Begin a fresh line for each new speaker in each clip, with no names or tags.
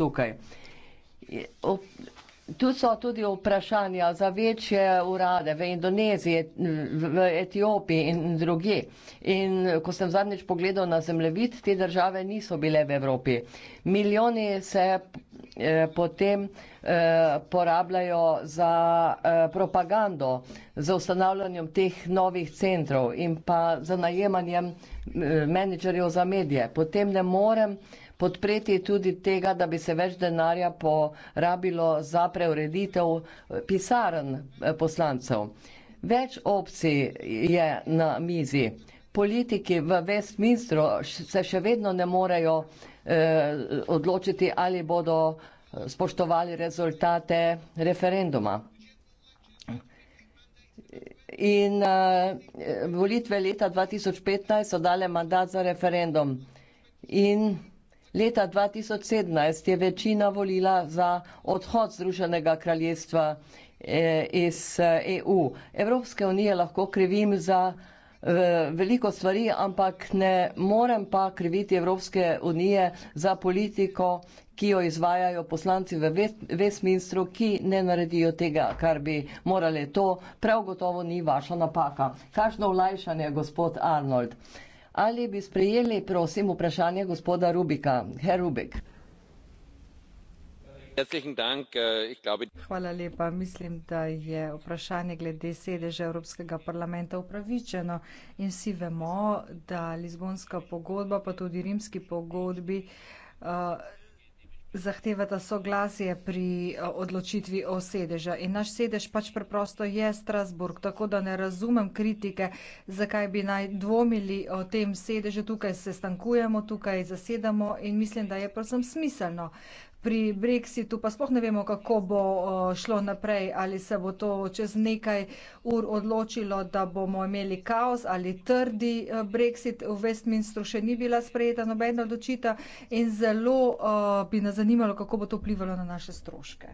tukaj. Tu so tudi vprašanja za večje urade v Indoneziji, v Etiopiji in druge. In ko sem zadnjič pogledal na zemljevid, te države niso bile v Evropi. Milijoni se eh, potem eh, porabljajo za eh, propagando, za ustanavljanjem teh novih centrov in pa za najemanjem eh, menedžerjev za medije. Potem ne morem eh, podpreti tudi tega, da bi se več denarja porabilo za preureditev pisarn eh, poslancev. Več opcij je na mizi. Politiki v Westminsteru se še vedno ne morejo eh, odločiti, ali bodo eh, spoštovali rezultate referenduma. In eh, volitve leta 2015 so dale mandat za referendum. In Leta 2017 je večina volila za odhod Združenega kraljestva eh, iz EU. Eh, e Evropske unije lahko krivim za eh, veliko stvari, ampak ne morem pa kriviti Evropske unije za politiko, ki jo izvajajo poslanci v Westminstru, ki ne naredijo tega, kar bi morali. To prav gotovo ni vaša napaka. Kakšno olajšanje, gospod Arnold? Ali bi sprejeli, prosim, vprašanje gospoda Rubika? Herr Rubik.
Äh,
Hvala lepa. Mislim, da je vprašanje
glede sedeža Evropskega parlamenta upravičeno in vsi vemo, da Lizbonska pogodba, pa tudi rimski pogodbi, zahtevata soglasje pri eh, odločitvi o sedežu. In naš sedež pač preprosto je Strasburg, tako da ne razumem kritike, zakaj bi naj dvomili o tem sedežu. Tukaj se stankujemo, tukaj zasedamo in mislim, da je prosim smiselno pri Brexitu, pa sploh ne vemo, kako bo šlo naprej, ali se bo to čez nekaj ur odločilo, da bomo imeli kaos ali trdi Brexit. V Westminstru še ni bila sprejeta nobena odločitev in zelo bi nas zanimalo,
kako bo to vplivalo na naše stroške.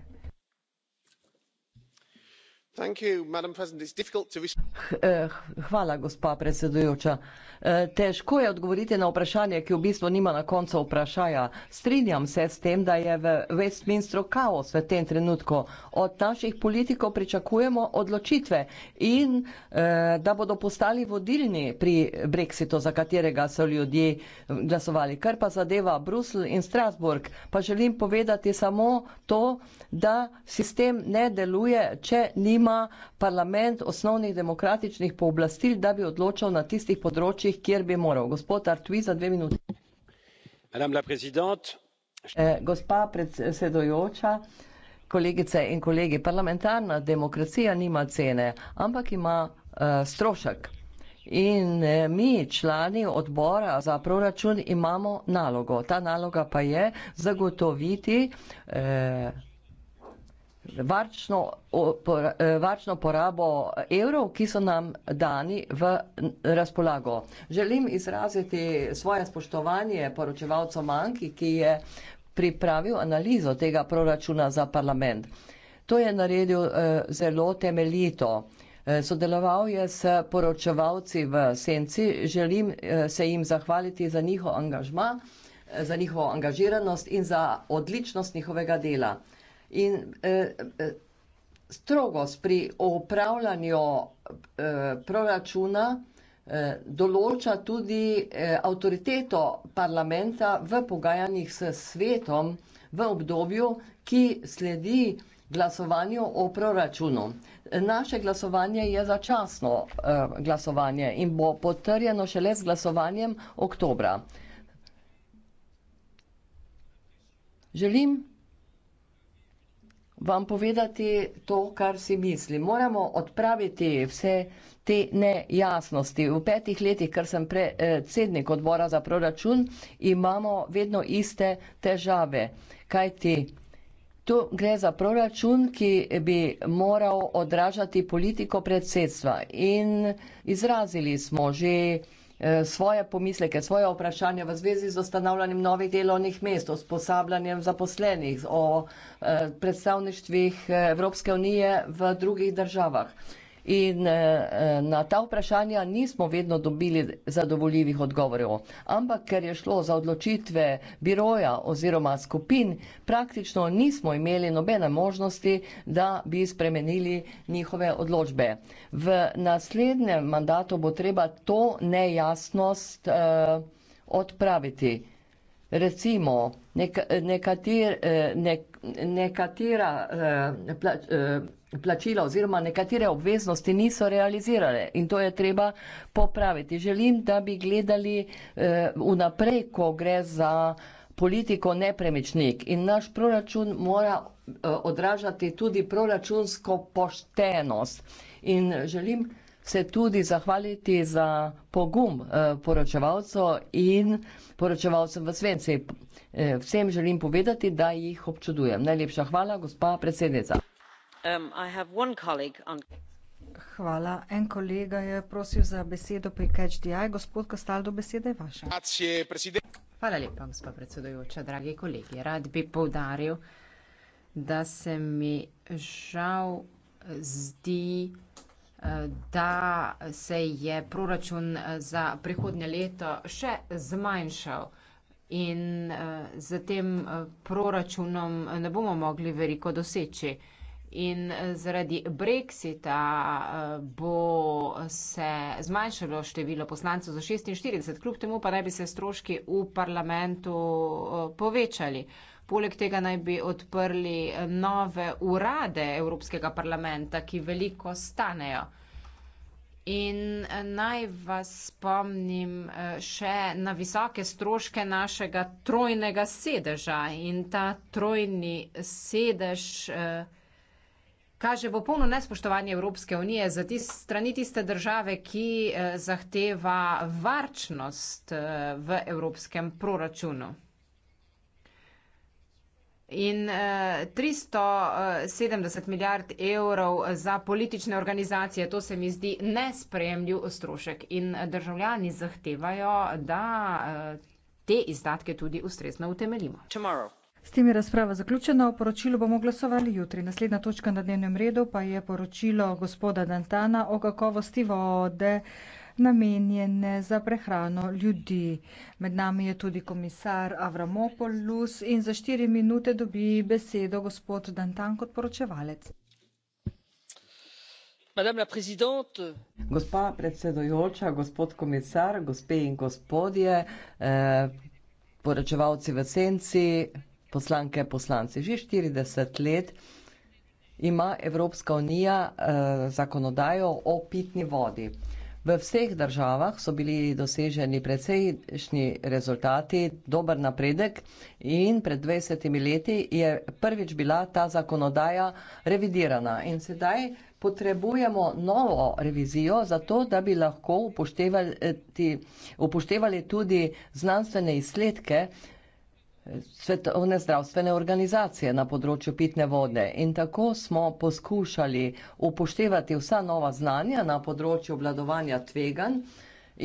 Eh, hvala, gospa predsedujoča. Eh, težko je odgovoriti na vprašanje, ki v bistvu nima na koncu vprašaja. Strinjam se s tem, da je v Westminstru kaos v tem trenutku. Od naših politikov pričakujemo odločitve in eh, da bodo postali vodilni pri brexitu, za katerega so ljudje glasovali. Kar pa zadeva Bruselj in Strasbourg, pa želim povedati samo to, da sistem ne deluje, če nima nima parlament osnovnih demokratičnih pooblastil, da bi odločal na tistih področjih, kjer bi moral. Gospod Artui, za dve minuti. Eh, gospa predsedojoča, kolegice in kolegi, parlamentarna demokracija nima cene, ampak ima uh, strošek. In eh, mi, člani odbora za proračun, imamo nalogo. Ta naloga pa je zagotoviti eh, varčno, eh, varčno porabo evrov, ki so nam dani v razpolago. Želim izraziti svoje spoštovanje poročevalcu Manki, ki je pripravil analizo tega proračuna za parlament. To je naredil eh, zelo temeljito. Eh, sodeloval je s poročevalci v Senci. Želim se jim zahvaliti za njihov angažma, za njihovo angažiranost in za odličnost njihovega dela. In eh, eh, strogost pri upravljanju eh, proračuna eh, določa tudi eh, avtoriteto parlamenta v pogajanjih s svetom v obdobju, ki sledi glasovanju o proračunu. Naše glasovanje je začasno eh, glasovanje in bo potrjeno šele z glasovanjem oktobra. Želim vam povedati to, kar si mislim. Moramo odpraviti vse te nejasnosti. V petih letih, kar sem predsednik odbora za proračun, imamo vedno iste težave. Kaj ti? Tu gre za proračun, ki bi moral odražati politiko predsedstva. In izrazili smo že Eh, svoje pomisleke, svoje vprašanja v zvezi z ustanavljanjem novih delovnih mest, o sposabljanjem zaposlenih, o eh, predstavništvih eh, Evropske unije v drugih državah. In eh, eh, na ta vprašanja nismo vedno dobili zadovoljivih odgovorov. Ampak ker je šlo za odločitve biroja oziroma skupin, praktično nismo imeli nobene možnosti, da bi spremenili njihove odločbe. V naslednjem mandatu bo treba to nejasnost eh, odpraviti. Recimo, nek, nekater, eh, nek, nekatera eh, plač, eh, plačila oziroma nekatere obveznosti niso realizirale in to je treba popraviti. Želim, da bi gledali vnaprej, ko gre za politiko nepremičnik in naš proračun mora odražati tudi proračunsko poštenost. In želim, se tudi zahvaliti za pogum eh, poročevalcev in poročevalcem v Svenci. Eh, vsem želim povedati, da jih občudujem. Najlepša hvala, gospa predsednica. Um, hvala.
En kolega je prosil za besedo pri CatchDI. Gospod Kostaldo, beseda
je vaša. Hvala lepa, gospod predsedujoča, dragi kolegi. Rad bi povdaril, da se mi žal zdi da se je proračun za prihodnje leto še zmanjšal in z eh, tem eh, proračunom ne bomo mogli veliko doseči. In eh, zaradi brexita bo se zmanjšalo število poslancev za 46, kljub temu pa naj bi se stroški v parlamentu povečali. Poleg tega naj bi odprli eh, nove urade Evropskega parlamenta, ki veliko stanejo. In eh, naj vas spomnim eh, še na visoke stroške našega trojnega sedeža. In ta trojni sedež kaže popolno nespoštovanje Evropske unije za tist, strani tiste države, ki zahteva varčnost v evropskem proračunu in uh, eh, 370 milijard evrov za politične organizacije. To se mi zdi nespremljiv strošek in državljani zahtevajo, da uh, te izdatke tudi ustrezno utemelimo. Tomorrow.
S tem je razprava zaključena, o poročilu bomo glasovali jutri. Naslednja točka na dnevnem redu pa je poročilo gospoda Dantana o kakovosti vode namenjene za prehrano ljudi. Med nami je tudi komisar Avramopoulos in za štiri minute dobi besedo gospod Dantan kot poročevalec.
Gospa predsedujoča, gospod komisar, gospe in gospodje, eh, poročevalci v senci, poslanke, poslanci. Že 40 let ima Evropska unija eh, zakonodajo o pitni vodi. Eh, V vseh državah so bili doseženi precejšnji rezultati, dober napredek in pred 20 leti je prvič bila ta zakonodaja revidirana. In sedaj potrebujemo novo revizijo, zato da bi lahko upoštevali, upoštevali tudi znanstvene izsledke, svetovne zdravstvene organizacije na področju pitne vode in tako smo poskušali upoštevati vsa nova znanja na področju obladovanja tvegan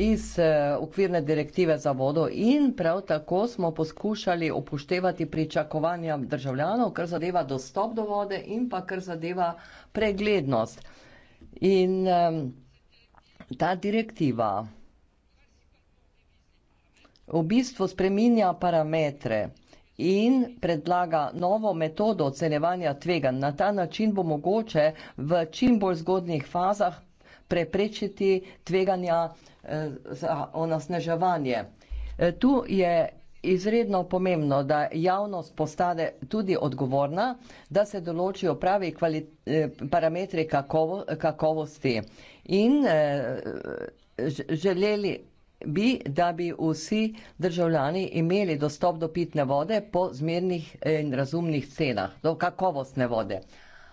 iz eh, okvirne direktive za vodo in prav tako smo poskušali upoštevati pričakovanja državljanov, kar zadeva dostop do vode in pa kar zadeva preglednost. In ehm, ta direktiva v bistvu spreminja parametre in predlaga novo metodo ocenjevanja tveganj. Na ta način bo mogoče v čim bolj zgodnih fazah preprečiti tveganja eh, za onasneževanje. Eh, tu je izredno pomembno, da javnost postane tudi odgovorna, da se določijo pravi eh, parametri kakovo, kakovosti in eh, želeli bi, da bi vsi državljani imeli dostop do pitne vode po zmernih eh, in razumnih cenah, do kakovostne vode.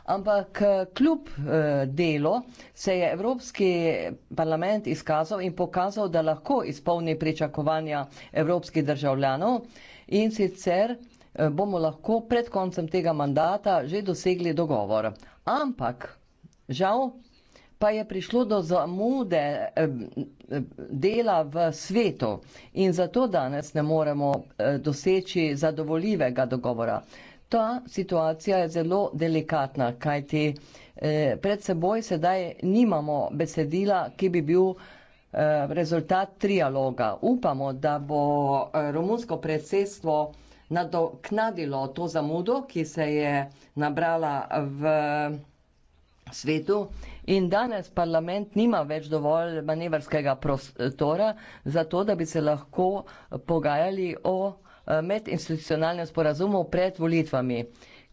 Ampak eh, kljub eh, delu se je Evropski parlament izkazal in pokazal, da lahko izpolni pričakovanja evropskih državljanov in sicer bomo lahko pred koncem tega mandata že dosegli dogovor. Ampak žal pa je prišlo do zamude eh, dela v svetu in zato danes ne moremo eh, doseči zadovoljivega dogovora. Ta situacija je zelo delikatna, kajti eh, pred seboj sedaj nimamo besedila, ki bi bil rezultat trialoga. Upamo, da bo romunsko predsedstvo nadoknadilo to zamudo, ki se je nabrala v svetu in danes parlament nima več dovolj manevrskega prostora za to, da bi se lahko pogajali o eh, medinstitucionalnem sporazumu pred volitvami.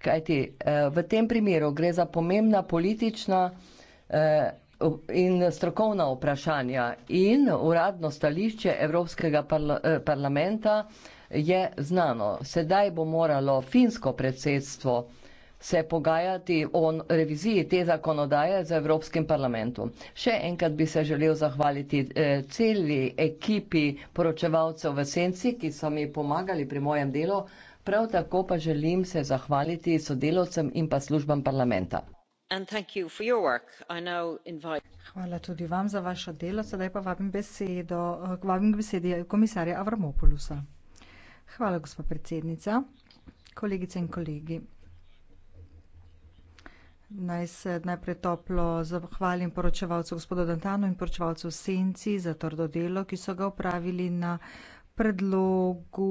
Kajti eh, v tem primeru gre za pomembna politična eh, in strokovna vprašanja in uradno stališče Evropskega parlamenta je znano. Sedaj bo moralo finsko predsedstvo se pogajati o reviziji te zakonodaje z Evropskim parlamentom. Še enkrat bi se želel zahvaliti eh, celi ekipi poročevalcev v Senci, ki so mi pomagali pri mojem delu, prav tako pa želim se zahvaliti sodelovcem in pa službam parlamenta.
Hvala tudi vam za vašo delo. Sedaj pa vabim, besedo, eh, vabim k besedi komisarja Avramopolusa. Hvala, gospa predsednica. Kolegice in kolegi. Naj se najprej toplo zahvalim poročevalcu gospodu Dantanu in poročevalcu Senci za trdo delo, ki so ga upravili na predlogu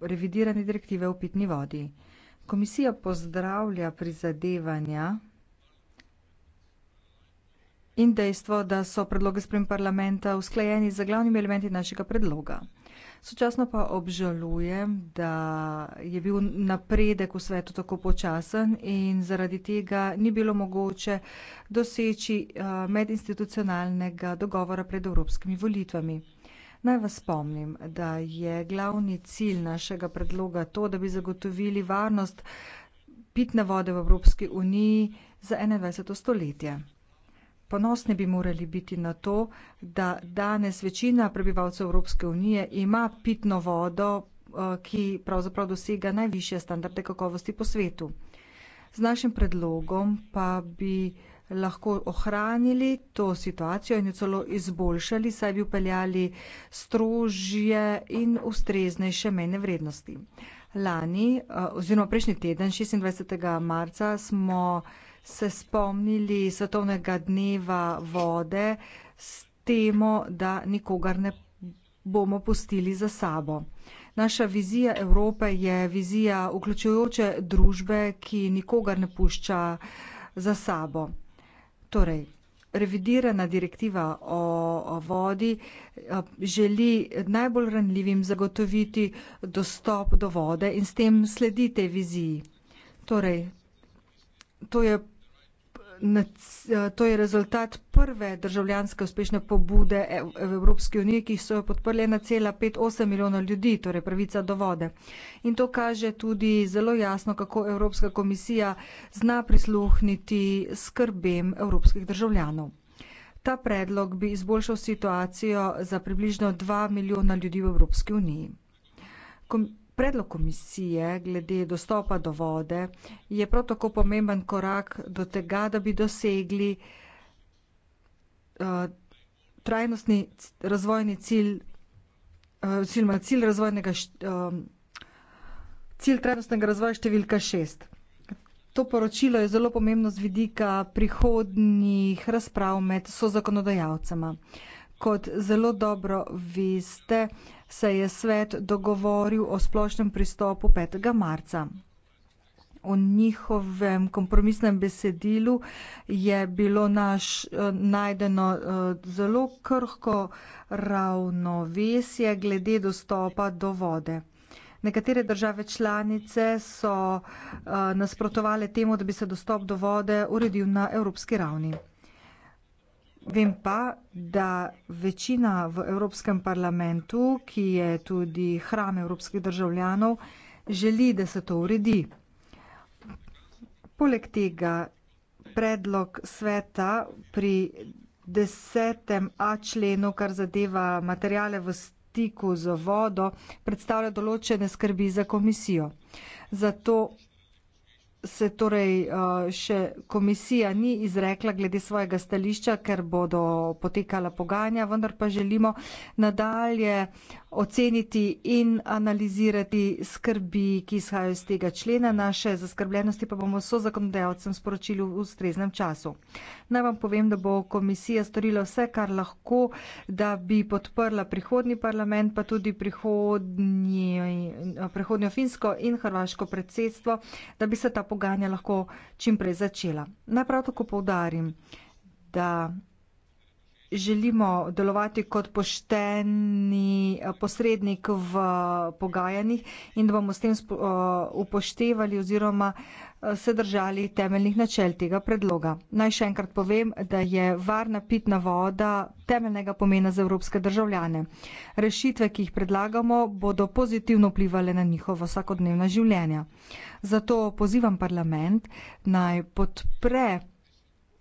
revidirane direktive o pitni vodi. Komisija pozdravlja prizadevanja in dejstvo, da so predloge sprem parlamenta usklajeni z glavnimi elementi našega predloga sočasno pa obžalujem, da je bil napredek v svetu tako počasen in zaradi tega ni bilo mogoče doseči eh, medinstitucionalnega dogovora pred evropskimi volitvami. Naj vas spomnim, da je glavni cilj našega predloga to, da bi zagotovili varnost pitne vode v Evropski uniji za 21. stoletje. Ponosni bi morali biti na to, da danes večina prebivalcev Evropske unije ima pitno vodo, eh, ki pravzaprav dosega najviše standarde kakovosti po svetu. Z našim predlogom pa bi lahko ohranili to situacijo in jo celo izboljšali, saj bi upeljali strožje in ustreznejše mejne vrednosti. Lani eh, oziroma prejšnji teden, 26. marca, smo se spomnili svetovnega dneva vode s temo, da nikogar ne bomo pustili za sabo. Naša vizija Evrope je vizija vključujoče družbe, ki nikogar ne pušča za sabo. Torej, revidirana direktiva o, o vodi, eh, želi najbolj ranljivim zagotoviti dostop do vode in s tem sledi tej viziji. Torej, to je eh, To je rezultat prve državljanske uspešne pobude e, v Evropski uniji, ki so jo podprli 1,58 milijona ljudi, torej pravica do vode. In to kaže tudi zelo jasno, kako Evropska komisija zna prisluhniti skrbem evropskih državljanov. Ta predlog bi izboljšal situacijo za približno 2 milijona ljudi v Evropski uniji. Kom Predlog komisije glede dostopa do vode je prav tako pomemben korak do tega, da bi dosegli eh, trajnostni razvojni cilj, eh, oziroma cilj razvojnega, eh, cilj trajnostnega razvoja številka šest. To poročilo je zelo pomembno z vidika prihodnjih razprav med sozakonodajalcema. Kot zelo dobro veste, se je svet dogovoril o splošnem pristopu 5. marca. V njihovem kompromisnem besedilu je bilo naš eh, najdeno eh, zelo krhko ravnovesje glede dostopa do vode. Nekatere države članice so eh, nasprotovale temu, da bi se dostop do vode uredil na evropski ravni. Vem pa, da večina v Evropskem parlamentu, ki je tudi hram evropskih državljanov, želi, da se to uredi. Poleg tega predlog sveta pri desetem a členu, kar zadeva materijale v stiku z vodo, predstavlja določene skrbi za komisijo. Zato se torej uh, še komisija ni izrekla glede svojega stališča, ker bodo potekala pogajanja, vendar pa želimo nadalje oceniti in analizirati skrbi, ki izhajajo iz tega člena. Naše zaskrbljenosti pa bomo so zakonodajalcem sporočili v ustreznem času. Naj vam povem, da bo komisija storila vse, kar lahko, da bi podprla prihodni parlament, pa tudi prihodnjo finsko in hrvaško predsedstvo, da bi se ta pogajanja lahko čim prej začela. Naj prav tako poudarim, da želimo delovati kot pošteni eh, posrednik v eh, pogajanjih in da bomo s tem eh, upoštevali oziroma se držali temeljnih načel tega predloga. Naj še enkrat povem, da je varna pitna voda temeljnega pomena za evropske državljane. Rešitve, ki jih predlagamo, bodo pozitivno vplivali na njihovo vsakodnevno življenje. Zato pozivam parlament naj podpre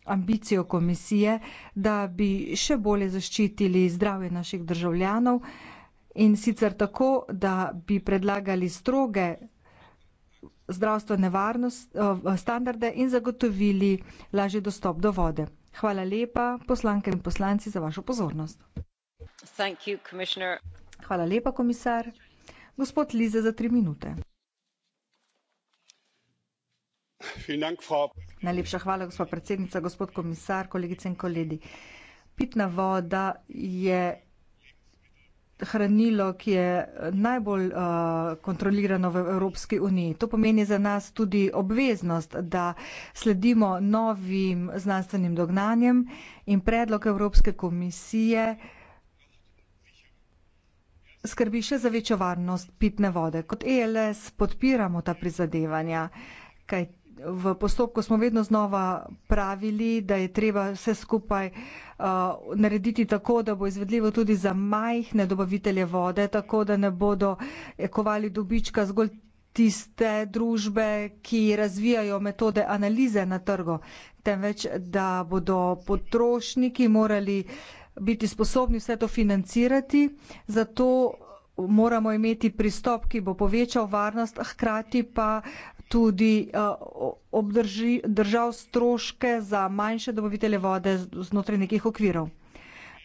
ambicijo komisije, da bi še bolje zaščitili zdravje naših državljanov in sicer tako, da bi predlagali stroge zdravstvene varnost, eh, standarde in zagotovili lažji dostop do vode. Hvala lepa poslanke in poslanci za vašo pozornost. Hvala lepa, komisar. Gospod Lize za tri minute. Najlepša hvala, gospa predsednica, gospod komisar, kolegice in kolegi. Pitna voda je hranilo, ki je najbolj uh, kontrolirano v Evropski uniji. To pomeni za nas tudi obveznost, da sledimo novim znanstvenim dognanjem in predlog Evropske komisije skrbi še za večjo varnost pitne vode. Kot ELS podpiramo ta prizadevanja, kaj v postopku smo vedno znova pravili, da je treba vse skupaj uh, narediti tako, da bo izvedljivo tudi za majhne dobavitelje vode, tako da ne bodo ekovali dobička zgolj tiste družbe, ki razvijajo metode analize na trgu, temveč da bodo potrošniki morali biti sposobni vse to financirati. Zato moramo imeti pristop, ki bo povečal varnost, hkrati pa tudi uh, obdrži, držal stroške za manjše dobavitele vode znotraj nekih okvirov.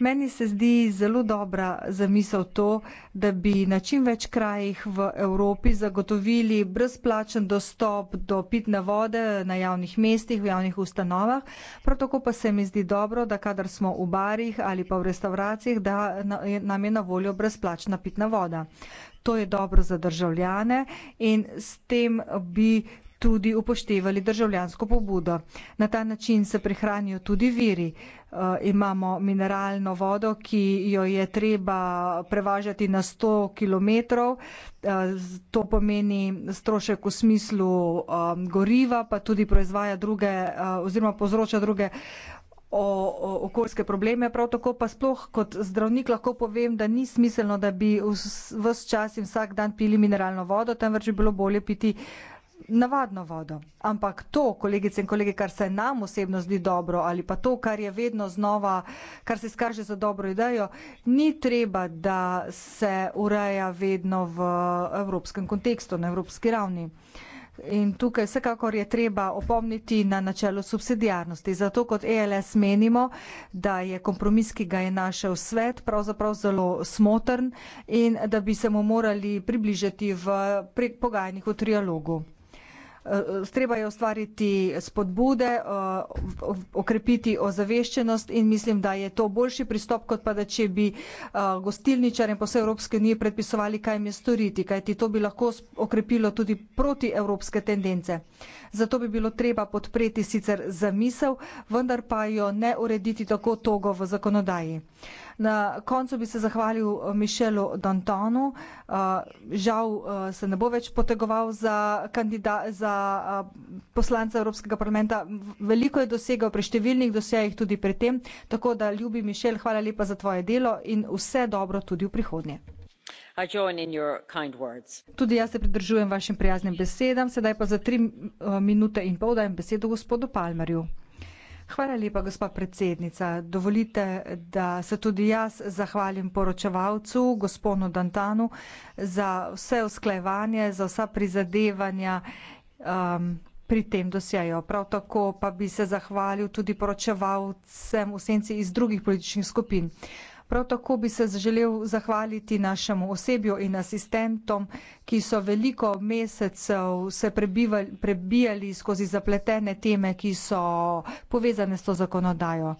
Meni se zdi zelo dobra zamisel to, da bi na čim več krajih v Evropi zagotovili brezplačen dostop do pitne vode na javnih mestih, v javnih ustanovah. Prav tako pa se mi zdi dobro, da kadar smo v barih ali pa v restauracijah, da nam je na voljo brezplačna pitna voda to je dobro za državljane in s tem bi tudi upoštevali državljansko pobudo. Na ta način se prihranijo tudi viri. E, imamo mineralno vodo, ki jo je treba prevažati na 100 km. E, to pomeni strošek v smislu e, goriva, pa tudi proizvaja druge e, oziroma povzroča druge o, o okoljske probleme, prav tako pa sploh kot zdravnik lahko povem, da ni smiselno, da bi vse čas in vsak dan pili mineralno vodo, temveč bi bilo bolje piti navadno vodo. Ampak to, kolegice in kolege, kar se nam osebno zdi dobro ali pa to, kar je vedno znova, kar se izkaže za dobro idejo, ni treba, da se ureja vedno v evropskem kontekstu, na evropski ravni. Uh, In tukaj vsekakor je treba opomniti na načelo subsidijarnosti. Zato kot ELS menimo, da je kompromis, ki ga je našel svet, pravzaprav zelo smotrn in da bi se mu morali približati v pogajanjih v trialogu. Eh, treba je ustvariti spodbude, eh, okrepiti ozaveščenost in mislim, da je to boljši pristop, kot pa da če bi eh, gostilničarjem po vse Evropske unije predpisovali, kaj jim je storiti, kajti to bi lahko okrepilo tudi proti evropske tendence. Zato bi bilo treba podpreti sicer zamisel, vendar pa jo ne urediti tako togo v zakonodaji. Na koncu bi se zahvalil eh, Mišelu Dantonu. Eh, žal eh, se ne bo več potegoval za, za poslanca Evropskega parlamenta. Veliko je dosegal pri številnih dosejih tudi pri tem. Tako da, ljubi Mišel, hvala lepa za tvoje delo in vse dobro tudi v prihodnje.
I join in your kind words.
Tudi jaz se pridržujem vašim prijaznim besedam, sedaj pa za tri minute in pol dajem besedo gospodu Palmerju. Hvala lepa, gospa predsednica. Dovolite, da se tudi jaz zahvalim poročevalcu, gospodu Dantanu, za vse usklajevanje, za vsa prizadevanja um, pri tem dosjeju. Prav tako pa bi se zahvalil tudi poročevalcem v senci iz drugih političnih skupin. Uh, Prav tako bi se želel zahvaliti našemu osebju in asistentom, ki so veliko mesecev se prebijali skozi zapletene teme, ki so povezane s to zakonodajo.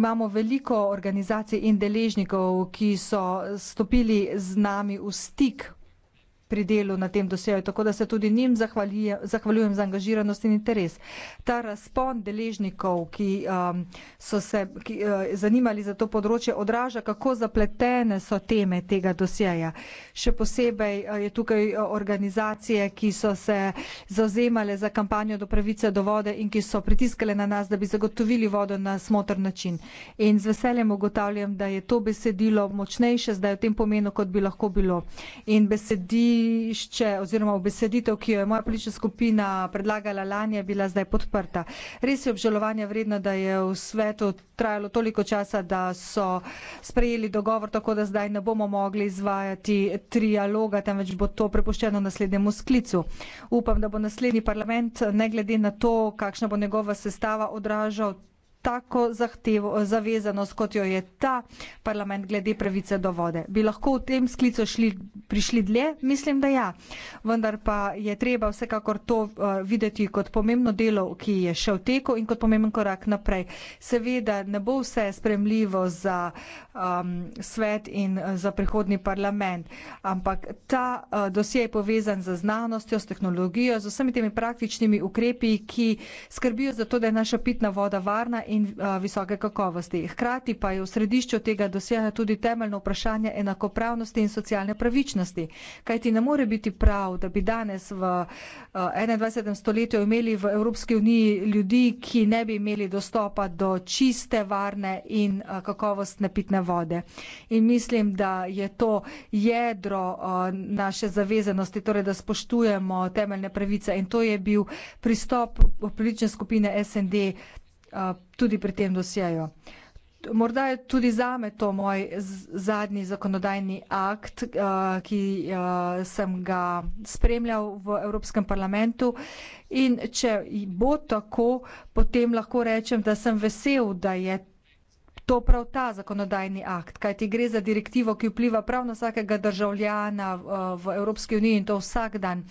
Imamo veliko organizacij in deležnikov, ki so stopili z nami v stik pri delu na tem dosjeju, tako da se tudi njim zahvaljujem za angažiranost in interes. Ta razpon deležnikov, ki um, so se ki, uh, zanimali za to področje, odraža, kako zapletene so teme tega dosjeja. Še posebej uh, je tukaj uh, organizacije, ki so se zauzemale za kampanjo do pravice do vode in ki so pritiskale na nas, da bi zagotovili vodo na smotr način. In z veseljem ugotavljam, da je to besedilo močnejše zdaj v tem pomenu, kot bi lahko bilo. In besedi stališče oziroma obeseditev, ki jo je moja politična skupina predlagala lani, je bila zdaj podprta. Res je obžalovanja vredno, da je v svetu trajalo toliko časa, da so sprejeli dogovor, tako da zdaj ne bomo mogli izvajati trialoga, temveč bo to prepuščeno naslednjemu sklicu. Upam, da bo naslednji parlament, ne glede na to, kakšna bo njegova sestava, odražal tako zahtevo, zavezanost, kot jo je ta parlament glede pravice do vode. Bi lahko v tem sklicu šli, prišli dlje? Mislim, da ja. Vendar pa je treba vsekakor to uh, videti kot pomembno delo, ki je še v teku in kot pomemben korak naprej. Seveda ne bo vse spremljivo za um, svet in eh, za prihodni parlament, ampak ta uh, dosje je povezan z znanostjo, s tehnologijo, z vsemi temi praktičnimi ukrepi, ki skrbijo za to, da je naša pitna voda varna in visoke kakovosti. Hkrati pa je v središču tega dosega tudi temeljno vprašanje enakopravnosti in socialne pravičnosti. Kaj ti ne more biti prav, da bi danes v 21. stoletju imeli v Evropski uniji ljudi, ki ne bi imeli dostopa do čiste, varne in kakovostne pitne vode. In mislim, da je to jedro naše zavezenosti, torej da spoštujemo temeljne pravice. In to je bil pristop politične skupine SND tudi pri tem dosjeju. Morda je tudi zame to moj zadnji zakonodajni akt, ki sem ga spremljal v Evropskem parlamentu in če bo tako, potem lahko rečem, da sem vesel, da je to to prav ta zakonodajni akt, kajti gre za direktivo, ki vpliva prav na vsakega državljana v Evropski uniji in to vsak dan.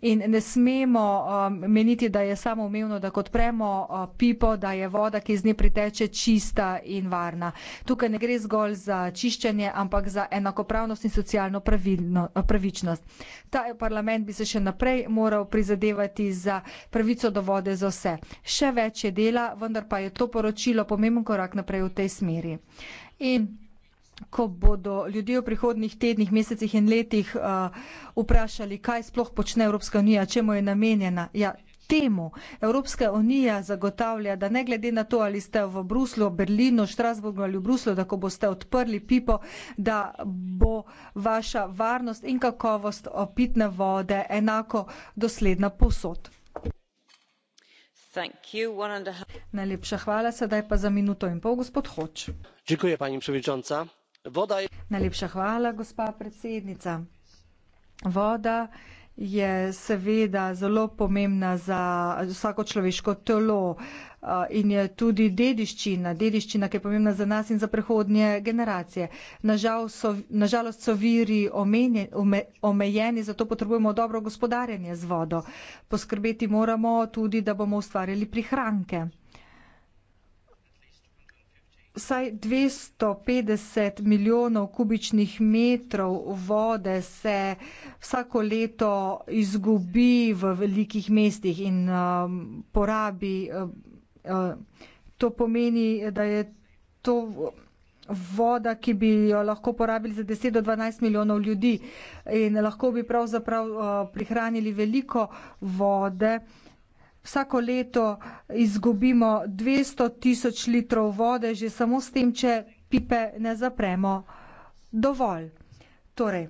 In ne smemo um, meniti, da je samo umevno, da kot premo uh, pipo, da je voda, ki iz nje priteče, čista in varna. Tukaj ne gre zgolj za čiščenje, ampak za enakopravnost in socialno uh, pravičnost. Ta parlament bi se še naprej moral prizadevati za pravico do vode za vse. Še več je dela, vendar pa je to poročilo pomemben korak naprej v tej sredini smeri. In ko bodo ljudje v prihodnih tednih, mesecih in letih uh, vprašali, kaj sploh počne Evropska unija, čemu je namenjena, ja, temu Evropska unija zagotavlja, da ne glede na to, ali ste v Bruslu, Berlinu, Štrasburgu ali v Bruslu, da ko boste odprli pipo, da bo vaša varnost in kakovost pitne vode enako dosledna posod
pani predsednica voda je.
najlepša hvala gospa predsednica voda je ključna vrednota evropske unije je seveda zelo pomembna za vsako človeško telo in je tudi dediščina, dediščina, ki je pomembna za nas in za prehodnje generacije. Nažalost so viri omejeni, zato potrebujemo dobro gospodarjenje z vodo. Poskrbeti moramo tudi, da bomo ustvarjali prihranke. Vsaj 250 milijonov kubičnih metrov vode se vsako leto izgubi v velikih mestih in um, porabi. Uh, uh, to pomeni, da je to voda, ki bi jo lahko porabili za 10 do 12 milijonov ljudi in lahko bi pravzaprav uh, prihranili veliko vode. Uh, Vsako leto izgubimo 200 tisoč litrov vode, že samo s tem, če pipe ne zapremo dovolj. Torej,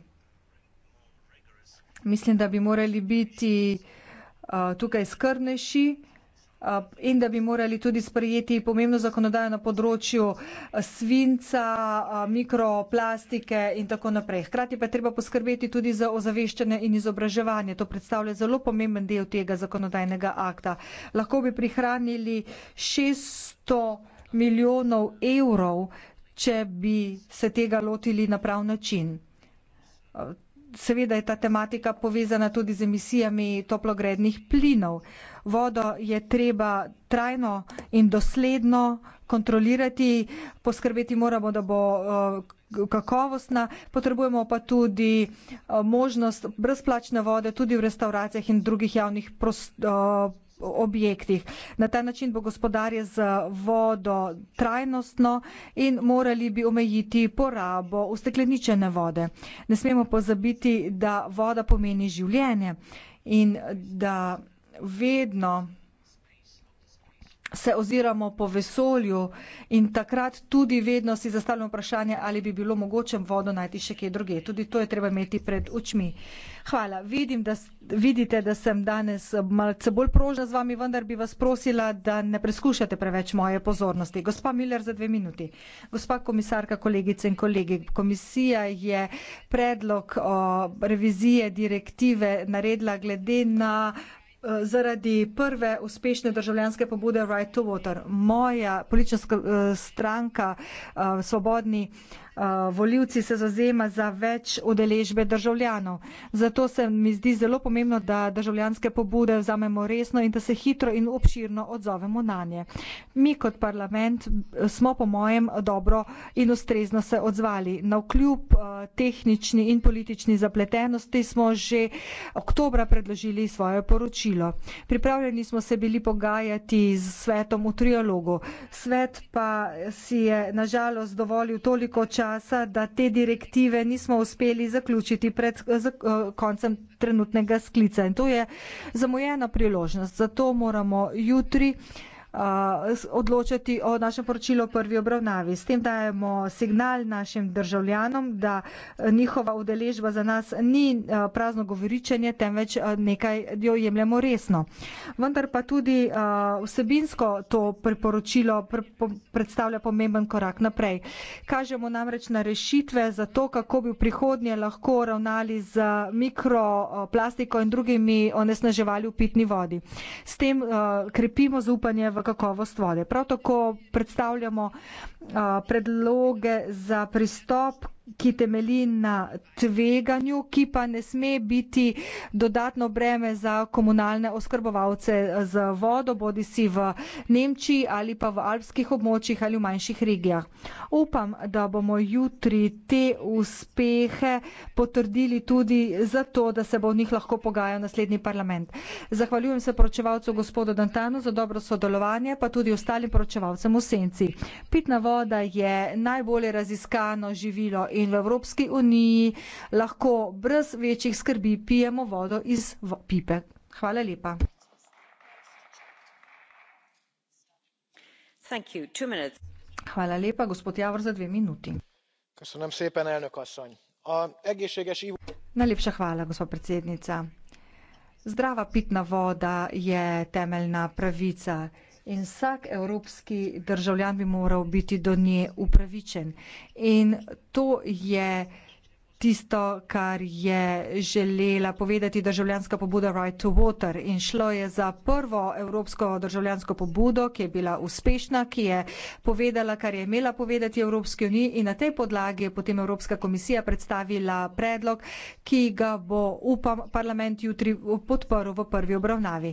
mislim, da bi morali biti uh, tukaj skrbnejši. Eh, in da bi morali tudi sprejeti pomembno zakonodajo na področju eh, svinca, eh, mikroplastike in tako naprej. Hkrati pa je treba poskrbeti tudi za ozaveščanje in izobraževanje. To predstavlja zelo pomemben del tega zakonodajnega akta. Lahko bi prihranili 600 milijonov evrov, če bi se tega lotili na prav način seveda je ta tematika povezana tudi z emisijami toplogrednih plinov. Vodo je treba trajno in dosledno kontrolirati, poskrbeti moramo, da bo eh, kakovostna, potrebujemo pa tudi eh, možnost brezplačne vode tudi v restauracijah in drugih javnih prostorih. Eh, objektih. Na ta način bo gospodarje z vodo trajnostno in morali bi omejiti porabo ustekleničene vode. Ne smemo pozabiti, da voda pomeni življenje in da vedno se oziramo po vesolju in takrat tudi vedno si zastavljamo vprašanje, ali bi bilo mogoče vodo najti še kje druge. Tudi to je treba imeti pred očmi. Hvala. Vidim, da vidite, da sem danes malce bolj prožna z vami, vendar bi vas prosila, da ne preskušate preveč moje pozornosti. Gospa Miller za dve minuti. Gospa komisarka, kolegice in kolegi, komisija je predlog o revizije direktive naredila glede na uh, Eh, zaradi prve uspešne državljanske pobude Right to Water. Moja politična eh, stranka, eh, svobodni Eh, volivci se zazema za več udeležbe državljanov. Zato se mi zdi zelo pomembno, da državljanske pobude vzamemo resno in da se hitro in obširno odzovemo na nje. Mi kot parlament eh, smo po mojem dobro in ustrezno se odzvali. Na vkljub eh, tehnični in politični zapletenosti smo že oktobra predložili svoje poročilo. Pripravljeni smo se bili pogajati z svetom v trialogu. Svet pa si je nažalost dovolil toliko časa, časa, da te direktive nismo uspeli zaključiti pred eh, koncem trenutnega sklica. In to je zamujena priložnost. Zato moramo jutri uh, odločati o našem poročilu o prvi obravnavi. S tem dajemo signal našim državljanom, da njihova udeležba za nas ni prazno govoričenje, temveč nekaj jo jemljemo resno. Vendar pa tudi vsebinsko to priporočilo predstavlja pomemben korak naprej. Kažemo namreč na rešitve za to, kako bi v prihodnje lahko ravnali z mikroplastiko in drugimi onesnaževali v pitni vodi. S tem krepimo zaupanje v kakovost vode. Prav tako predstavljamo predloge za pristop ki temelji na tveganju, ki pa ne sme biti dodatno breme za komunalne oskrbovalce z vodo, bodi si v Nemčiji ali pa v alpskih območjih ali v manjših regijah. Upam, da bomo jutri te uspehe potrdili tudi zato, da se bo v njih lahko pogajal naslednji parlament. Zahvaljujem se poročevalcu gospodu Dantanu za dobro sodelovanje, pa tudi ostalim poročevalcem v Senci. Pitna voda je najbolje raziskano živilo in in v Evropski uniji lahko brez večjih skrbi pijemo vodo iz pipe. Hvala lepa. Hvala lepa, gospod Javor, za dve minuti. Najlepša hvala, gospod predsednica. Zdrava pitna voda je temeljna pravica. In vsak evropski državljan bi moral biti do nje upravičen. In to je tisto, kar je želela povedati državljanska pobuda Right to Water. In šlo je za prvo evropsko državljansko pobudo, ki je bila uspešna, ki je povedala, kar je imela povedati Evropski uniji in na tej podlagi je potem Evropska komisija predstavila predlog, ki ga bo upam parlament jutri podporil v prvi obravnavi.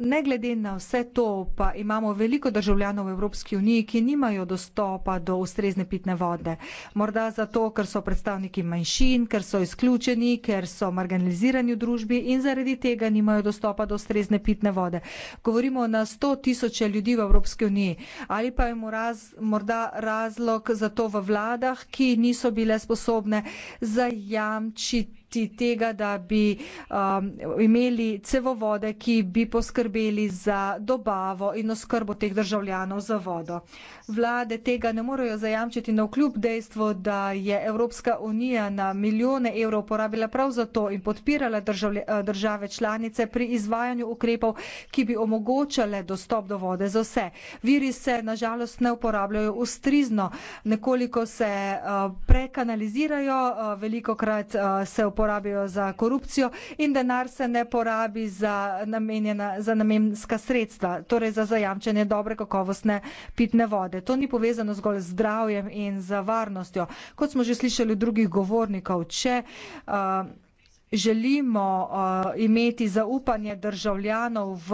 Ne glede na vse to, pa imamo veliko državljanov v Evropski uniji, ki nimajo dostopa do ustrezne pitne vode. Morda zato, ker so predstavniki manjšin, ker so izključeni, ker so marginalizirani v družbi in zaradi tega nimajo dostopa do ustrezne pitne vode. Govorimo na sto tisoče ljudi v Evropski uniji. Ali pa je raz, morda razlog za to v vladah, ki niso bile sposobne zajamčiti poti tega, da bi um, imeli cevovode, ki bi poskrbeli za dobavo in oskrbo teh državljanov za vodo. Vlade tega ne morejo zajamčiti na no, vkljub dejstvo, da je Evropska unija na milijone evrov porabila prav za to in podpirala eh, države članice pri izvajanju ukrepov, ki bi omogočale dostop do vode za vse. Viri se nažalost ne uporabljajo ustrizno, nekoliko se uh, prekanalizirajo, uh, eh, veliko krat uh, se uporabljajo porabijo za korupcijo in denar se ne porabi za, namenjena, za namenska sredstva, torej za zajamčenje dobre kakovostne pitne vode. To ni povezano zgolj z zdravjem in z varnostjo. Kot smo že slišali drugih govornikov, če uh, želimo uh, imeti zaupanje državljanov v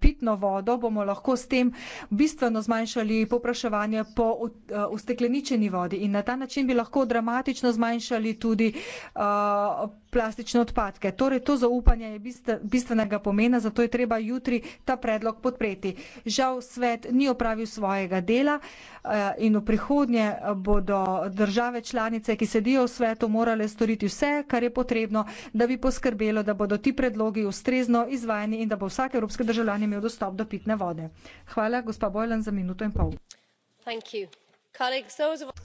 pitno vodo, bomo lahko s tem bistveno zmanjšali popraševanje po uh, ustekleničeni uh, vodi in na ta način bi lahko dramatično zmanjšali tudi uh, plastične odpadke. Torej, to zaupanje je bistvenega pomena, zato je treba jutri ta predlog podpreti. Žal svet ni opravil svojega dela eh, in v prihodnje eh, bodo države članice, ki sedijo v svetu, morale storiti vse, kar je potrebno, da bi poskrbelo, da bodo ti predlogi ustrezno izvajani in da bo vsak evropski državljan imel dostop do pitne vode. Hvala, gospa Bojlan, za minuto in pol. Hvala.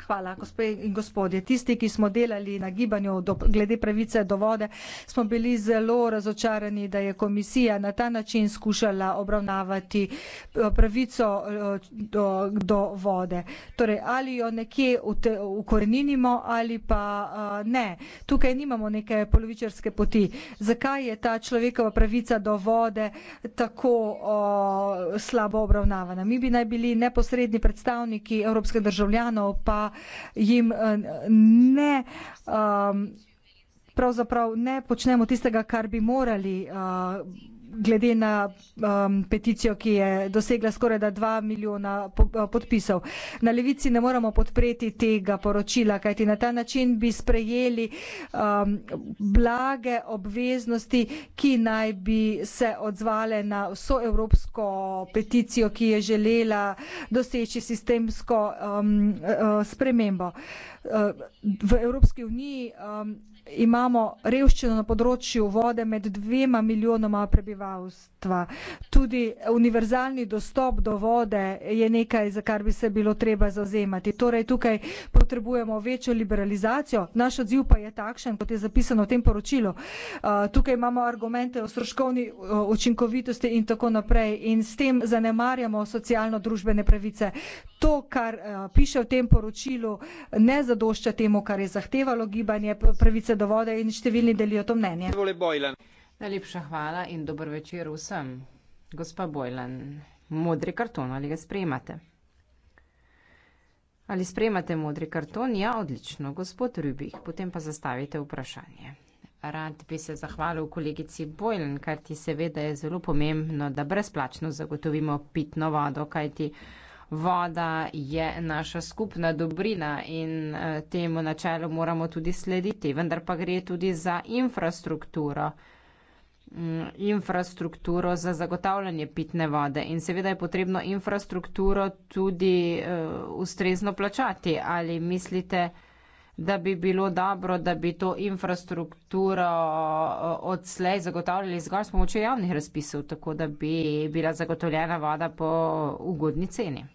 Hvala. Gospe in gospodje, tisti, ki smo delali na gibanju do, glede pravice do vode, smo bili zelo razočarani, da je komisija na ta način skušala obravnavati eh, pravico eh, do, do vode. Torej, ali jo nekje ukorninimo ali pa eh, ne. Tukaj nimamo neke polovičarske poti. Zakaj je ta človekova pravica do vode tako o, slabo obravnavana? Mi bi naj bili neposredni predstavniki Evropske države državljanov pa jim eh, ne eh, pravzaprav ne počnemo tistega kar bi morali eh, glede na um, peticijo, ki je dosegla skoraj da dva milijona uh, podpisov. Na levici ne moramo podpreti tega poročila, kajti na ta način bi sprejeli um, blage obveznosti, ki naj bi se odzvale na vso evropsko peticijo, ki je želela doseči sistemsko um, uh, spremembo. Uh, v Evropski uniji um, imamo revščino na področju vode med dvema milijonoma prebivalstva tudi univerzalni dostop do vode je nekaj za kar bi se bilo treba zavzemati torej tukaj potrebujemo večjo liberalizacijo naš odziv pa je takšen kot je zapisano v tem poročilu uh, tukaj imamo argumente o stroškovni uh, učinkovitosti in tako naprej in s tem zanemarjamo socialno družbene pravice to kar uh, piše v tem poročilu ne zadošča temu kar je zahtevalo gibanje pravice se dovode in številni
delijo to mnenje. Najlepša hvala in dober večer vsem. Gospa Bojlan, modri karton ali ga sprejemate? Ali sprejemate modri karton? Ja, odlično, gospod Rubih, potem pa zastavite vprašanje. Rad bi se zahvalil kolegici Bojlen, ker ti seveda je zelo pomembno, da brezplačno zagotovimo pitno vodo, kajti voda je naša skupna dobrina in eh, temu načelu moramo tudi slediti, vendar pa gre tudi za infrastrukturo mm, infrastrukturo za zagotavljanje pitne vode in seveda je potrebno infrastrukturo tudi uh, ustrezno plačati. Ali mislite, da bi bilo dobro, da bi to infrastrukturo eh, odslej zagotavljali zgolj s pomočjo javnih razpisov, tako da bi bila zagotovljena voda po ugodni ceni?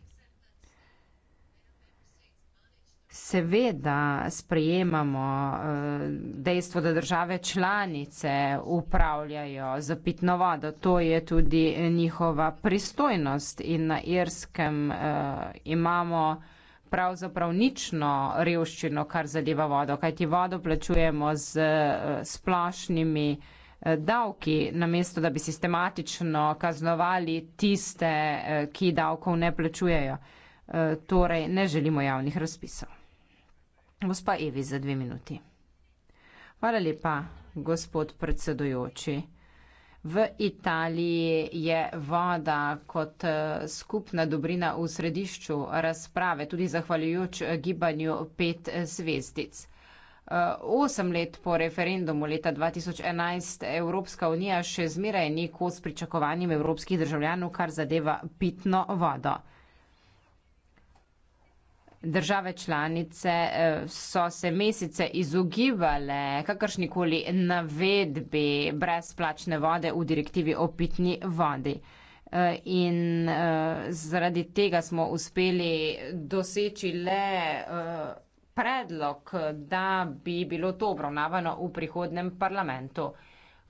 Seveda sprejemamo eh, dejstvo, da države članice upravljajo z pitno vodo. To je tudi njihova pristojnost in na Irskem eh, imamo pravzaprav nično revščino, kar zadeva vodo, kajti vodo plačujemo z eh, splošnimi davki, namesto da bi sistematično kaznovali tiste, ki davkov ne plačujejo. Torej, ne želimo javnih razpisov. Gospa Evi za dve minuti. Hvala lepa, gospod predsedujoči. V Italiji je voda kot eh, skupna dobrina v središču razprave, tudi zahvaljujoč eh, gibanju pet eh, zvezdic. Osem let po referendumu leta 2011 Evropska unija še zmeraj ni kos pričakovanjem evropskih državljanov, kar zadeva pitno vodo. Države članice eh, so se mesece izogibale kakršnikoli navedbi brezplačne vode v direktivi o pitni vodi. Eh, in eh, zaradi tega smo uspeli doseči le predlog, da bi bilo to obravnavano v prihodnem parlamentu.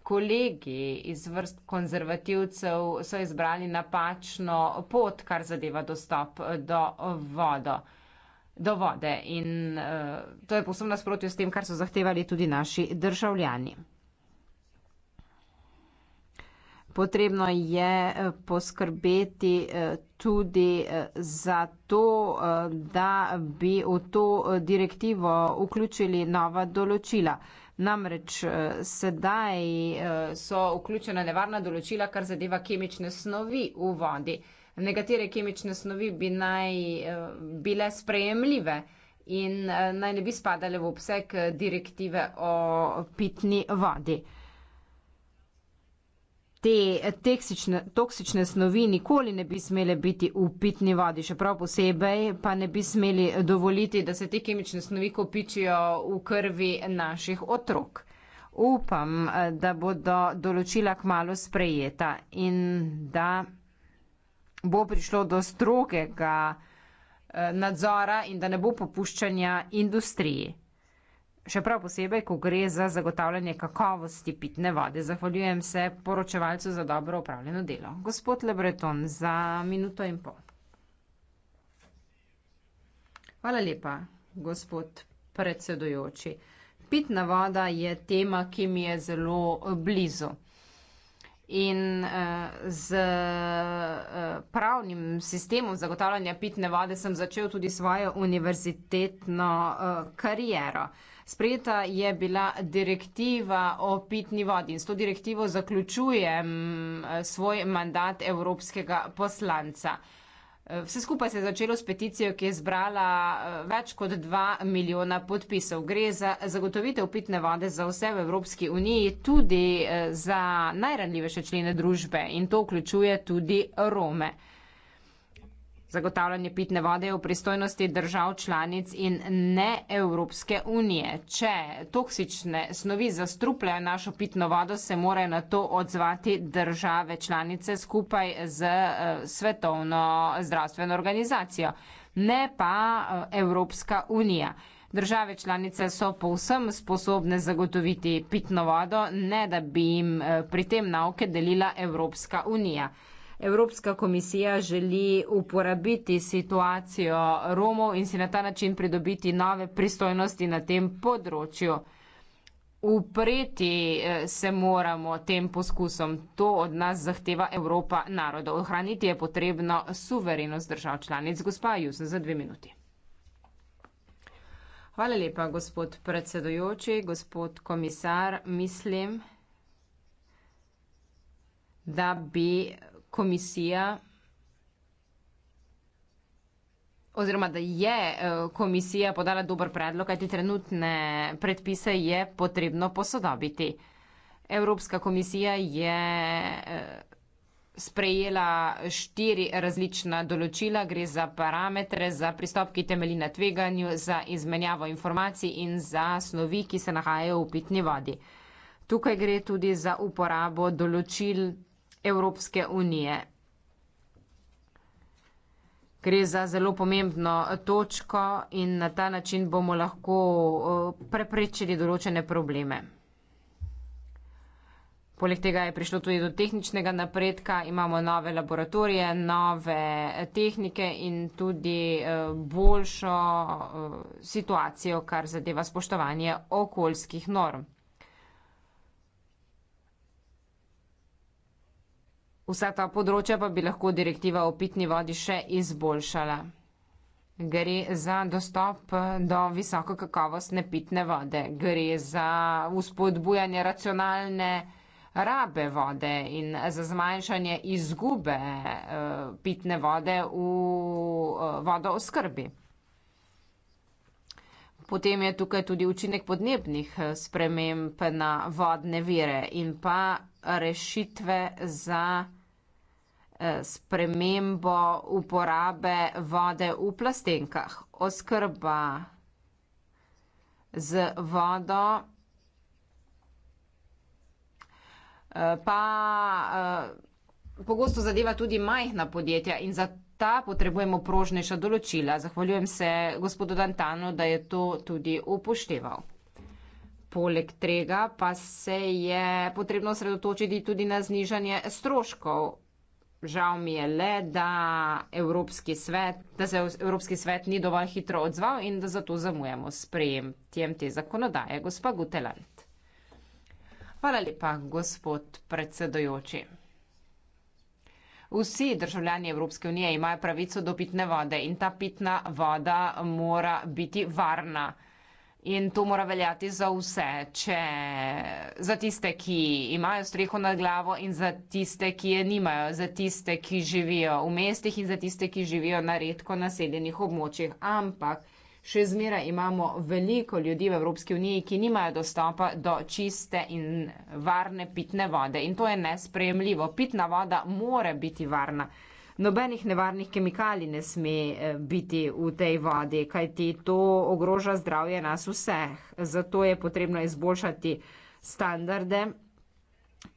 Kolegi iz vrst konzervativcev so izbrali napačno pot, kar zadeva dostop do vodo do vode in uh, to je posebno nasprotje s tem, kar so zahtevali tudi naši državljani. Potrebno je eh, poskrbeti eh, tudi za to, da bi v to direktivo vključili nova določila. Namreč sedaj so vključena nevarna določila, kar zadeva kemične snovi v vodi nekatere kemične snovi bi naj eh, bile sprejemljive in eh, naj ne bi spadale v obseg direktive o pitni vodi. Te eh, teksične, toksične snovi nikoli ne bi smele biti v pitni vodi, še prav posebej pa ne bi smeli dovoliti, da se te kemične snovi kopičijo v krvi naših otrok. Upam, da bodo določila kmalo sprejeta in da bo prišlo do strogega eh, nadzora in da ne bo popuščanja industriji. Še prav posebej, ko gre za zagotavljanje kakovosti pitne vode. Zahvaljujem se poročevalcu za dobro upravljeno delo. Gospod Lebreton, za minuto in pol. Hvala lepa, gospod predsedujoči. Pitna voda je tema, ki mi je zelo blizu. In uh, z uh, pravnim sistemom zagotavljanja pitne vode sem začel tudi svojo univerzitetno uh, kariero. Sprejeta je bila direktiva o pitni vodi in s to direktivo zaključujem uh, svoj mandat evropskega poslanca. Uh, Vse skupaj se je začelo s peticijo, ki je zbrala eh, več kot 2 milijona podpisov. Gre za zagotovitev pitne vode za vse v Evropski uniji, tudi eh, za najranljivejše člene družbe in to vključuje tudi Rome. Zagotavljanje pitne vode je v pristojnosti držav članic in ne Evropske unije. Če toksične snovi zastrupljajo našo pitno vodo, se morajo na to odzvati države članice skupaj z eh, Svetovno zdravstveno organizacijo, ne pa eh, Evropska unija. Države članice so povsem sposobne zagotoviti pitno vodo, ne da bi jim eh, pri tem nauke delila Evropska unija. Evropska komisija želi uporabiti situacijo Romov in si na ta način pridobiti nove pristojnosti na tem področju. Upreti eh, se moramo tem poskusom. To od nas zahteva Evropa narodov. Ohraniti je potrebno suverenost držav članic. Gospa Jusen, za dve minuti. Hvala lepa, gospod predsedujoči, gospod komisar. Mislim, da bi komisija, oziroma da je eh, komisija podala dober predlog, kajti trenutne predpise je potrebno posodobiti. Evropska komisija je eh, sprejela štiri različna določila, gre za parametre, za pristop, ki temelji na tveganju, za izmenjavo informacij in za snovi, ki se nahajajo v pitni vodi. Tukaj gre tudi za uporabo določil Evropske unije. Gre za zelo pomembno točko in na ta način bomo lahko preprečili določene probleme. Poleg tega je prišlo tudi do tehničnega napredka, imamo nove laboratorije, nove tehnike in tudi e, boljšo e, situacijo, kar zadeva spoštovanje okoljskih norm. Vsa ta področja pa bi lahko direktiva o pitni vodi še izboljšala. Gre za dostop do visoko kakovostne pitne vode, gre za uspodbujanje racionalne rabe vode in za zmanjšanje izgube eh, pitne vode v eh, vodo oskrbi. Potem je tukaj tudi učinek podnebnih eh, sprememb na vodne vire in pa rešitve za vodne vire spremembo uporabe vode v plastenkah. Oskrba z vodo eh, pa eh, pogosto zadeva tudi majhna podjetja in za ta potrebujemo prožnejša določila. Zahvaljujem se gospodu Dantanu, da je to tudi upošteval. Poleg trega pa se je potrebno sredotočiti tudi na znižanje stroškov Žal mi je le, da, svet, da se Evropski svet ni dovolj hitro odzval in da zato zamujamo sprejem tem te zakonodaje, gospa Guteland. Hvala lepa, gospod predsedojoči. Vsi državljani Evropske unije imajo pravico do pitne vode in ta pitna voda mora biti varna. In to mora veljati za vse, če, za tiste, ki imajo streho nad glavo in za tiste, ki je nimajo, za tiste, ki živijo v mestih in za tiste, ki živijo na redko naseljenih območjih. Ampak še zmeraj imamo veliko ljudi v Evropski uniji, ki nimajo dostopa do čiste in varne pitne vode. In to je nespremljivo. Pitna voda mora biti varna nobenih nevarnih kemikalij ne sme eh, biti v tej vodi, kajti to ogroža zdravje nas vseh. Zato je potrebno izboljšati standarde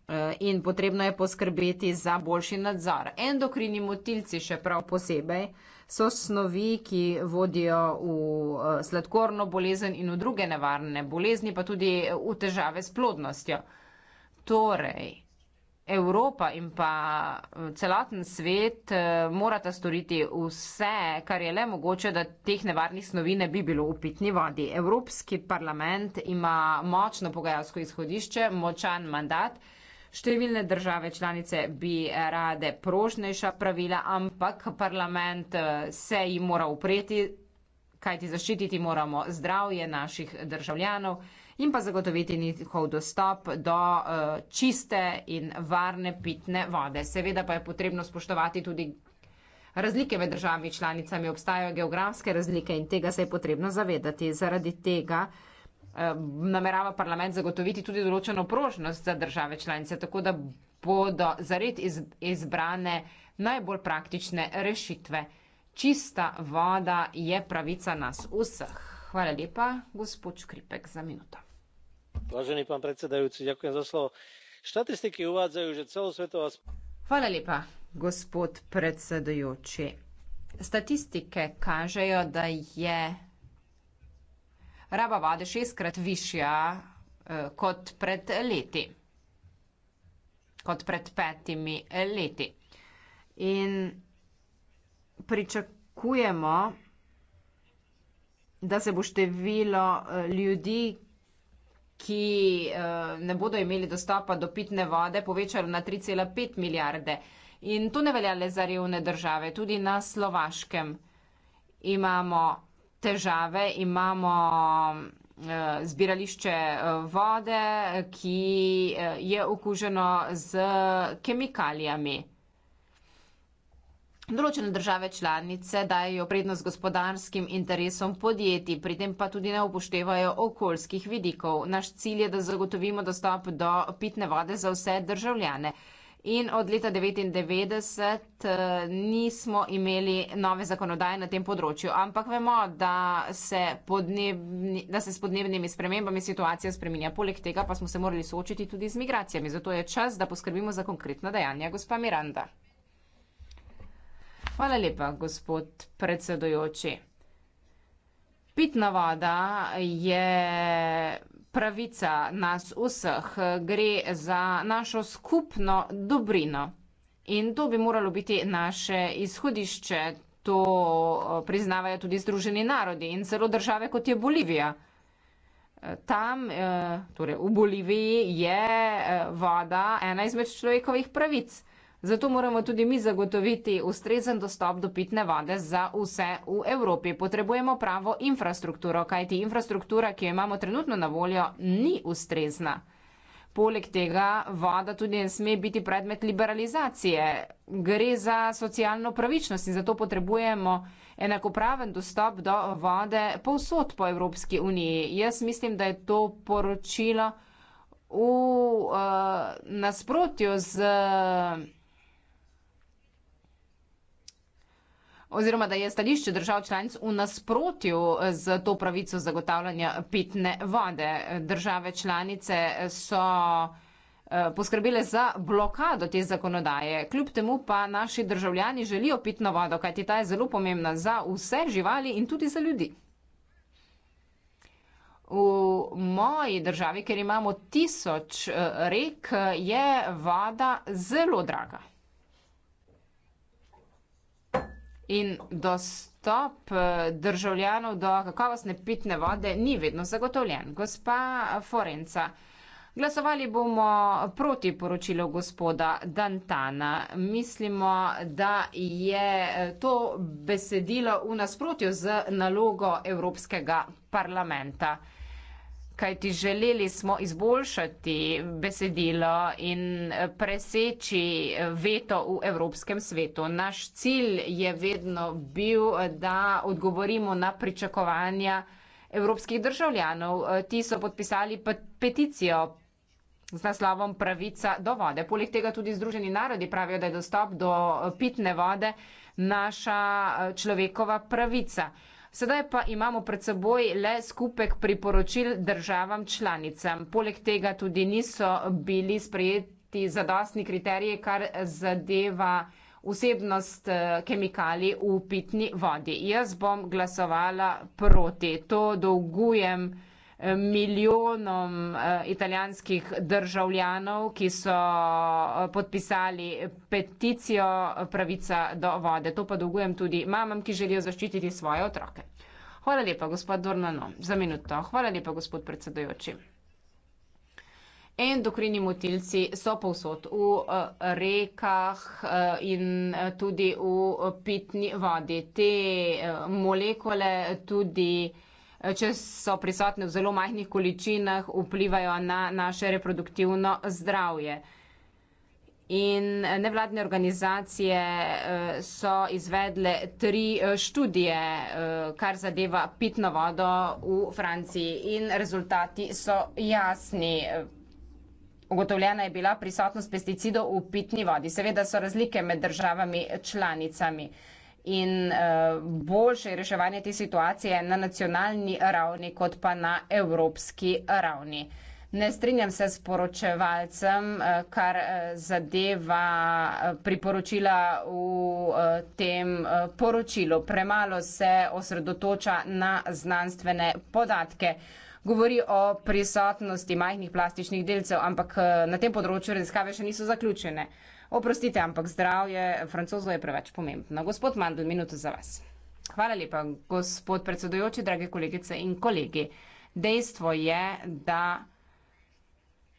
eh, in potrebno je poskrbeti za boljši nadzor. Endokrini motilci še prav posebej so snovi, ki vodijo v eh, sladkorno bolezen in v druge nevarne bolezni, pa tudi v težave s plodnostjo. Torej, Evropa in pa eh, celoten svet eh, morata storiti vse, kar je le mogoče, da teh nevarnih snovi ne bi bilo v pitni vodi. Evropski parlament ima močno pogajalsko izhodišče, močan mandat. Številne države članice bi rade prožnejša pravila, ampak parlament eh, se jim mora upreti, kajti zaščititi moramo zdravje naših državljanov in pa zagotoviti njihov dostop do uh, čiste in varne pitne vode. Seveda pa je potrebno spoštovati tudi razlike med državami članicami, obstajajo geografske razlike in tega se je potrebno zavedati. Zaradi tega uh, namerava parlament zagotoviti tudi določeno prožnost za države članice, tako da bodo zared iz, izbrane najbolj praktične rešitve. Čista voda je pravica nas vseh. Hvala lepa, gospod Škripek, za minuto vážený pán predsedajúci ďakujem za slovo štatistiky uvádzajú že celosvetová. hvala lepa gospod predsedujoči statistike kažejo da je raba vode šestkrat višja eh, kot pred leti kot pred petimi leti in pričakujemo da se bo število eh, ljudi ki eh, ne bodo imeli dostopa do pitne vode, povečalo na 3,5 milijarde. In to ne velja le za revne države, tudi na Slovaškem imamo težave, imamo eh, zbirališče eh, vode, ki je okuženo z kemikalijami. Določene države članice dajo prednost gospodarskim interesom podjetij, pri tem pa tudi ne upoštevajo okoljskih vidikov. Naš cilj je, da zagotovimo dostop do pitne vode za vse državljane. In od leta 1999 eh, nismo imeli nove zakonodaje na tem področju, ampak vemo, da se, podnebni, da se s podnebnimi spremembami situacija spreminja. Poleg tega pa smo se morali soočiti tudi z migracijami, zato je čas, da poskrbimo za konkretna dejanja, gospa Miranda. Hvala lepa, gospod predsedujoči. Pitna voda je pravica nas vseh, gre za našo skupno dobrino. In to bi moralo biti naše izhodišče, to eh, priznavajo tudi Združeni narodi in celo države, kot je Bolivija. Eh, tam, eh, torej v Boliviji, je voda ena izmed človekovih pravic. Zato moramo tudi mi zagotoviti ustrezen dostop do pitne vode za vse v Evropi. Potrebujemo pravo infrastrukturo, kajti infrastruktura, ki jo imamo trenutno na voljo, ni ustrezna. Poleg tega voda tudi ne sme biti predmet liberalizacije. Gre za socialno pravičnost in zato potrebujemo enakopraven dostop do vode povsod po Evropski uniji. Jaz mislim, da je to poročilo v uh, nasprotju z. Uh, oziroma da je stališče držav članic v nasprotju z to pravico zagotavljanja pitne vode. Države članice so eh, poskrbile za blokado te zakonodaje. Kljub temu pa naši državljani želijo pitno vodo, kajti ta je zelo pomembna za vse živali in tudi za ljudi. V moji državi, ker imamo tisoč eh, rek, je voda zelo draga. in dostop eh, državljanov do kakovostne pitne vode ni vedno zagotovljen. Gospa Forenca, glasovali bomo proti poročilu gospoda Dantana. Mislimo, da je eh, to besedilo v nasprotju z nalogo Evropskega parlamenta kajti želeli smo izboljšati besedilo in eh, preseči veto v Evropskem svetu. Naš cilj je vedno bil, eh, da odgovorimo na pričakovanja evropskih državljanov. Eh, ti so podpisali peticijo z naslovom Pravica do vode. Poleg tega tudi Združeni narodi pravijo, da je dostop do pitne vode naša človekova pravica. Sedaj pa imamo pred seboj le skupek priporočil državam članicam. Poleg tega tudi niso bili sprejeti zadostni kriteriji, kar zadeva vsebnost eh, kemikali v pitni vodi. Jaz bom glasovala proti. To dolgujem milijonom eh, italijanskih državljanov, ki so eh, podpisali peticijo eh, pravica do vode. To pa dolgujem tudi mamam, ki želijo zaščititi svoje otroke. Hvala lepa, gospod Dornano, za minuto. Hvala lepa, gospod predsedujoči. Endokrini motilci so povsod v rekah in tudi v pitni vodi. Te molekole tudi če so prisotne v zelo majhnih količinah, vplivajo na naše reproduktivno zdravje. In eh, nevladne organizacije eh, so izvedle tri eh, študije, kar zadeva pitno vodo v Franciji. In rezultati so jasni. Ugotovljena je bila prisotnost pesticidov v pitni vodi. Seveda so razlike med državami članicami in uh, boljše reševanje te situacije na nacionalni ravni, kot pa na evropski ravni. Ne strinjam se s poročevalcem, eh, kar eh, zadeva priporočila v tem poročilu. Premalo se osredotoča na znanstvene podatke. Govori o prisotnosti majhnih plastičnih delcev, ampak na tem področju raziskave še niso zaključene. Oprostite, ampak zdravje francozo je preveč pomembno. Gospod Mandl, minuto za vas. Hvala lepa, gospod predsedujoči, drage kolegice in kolegi. Dejstvo je, da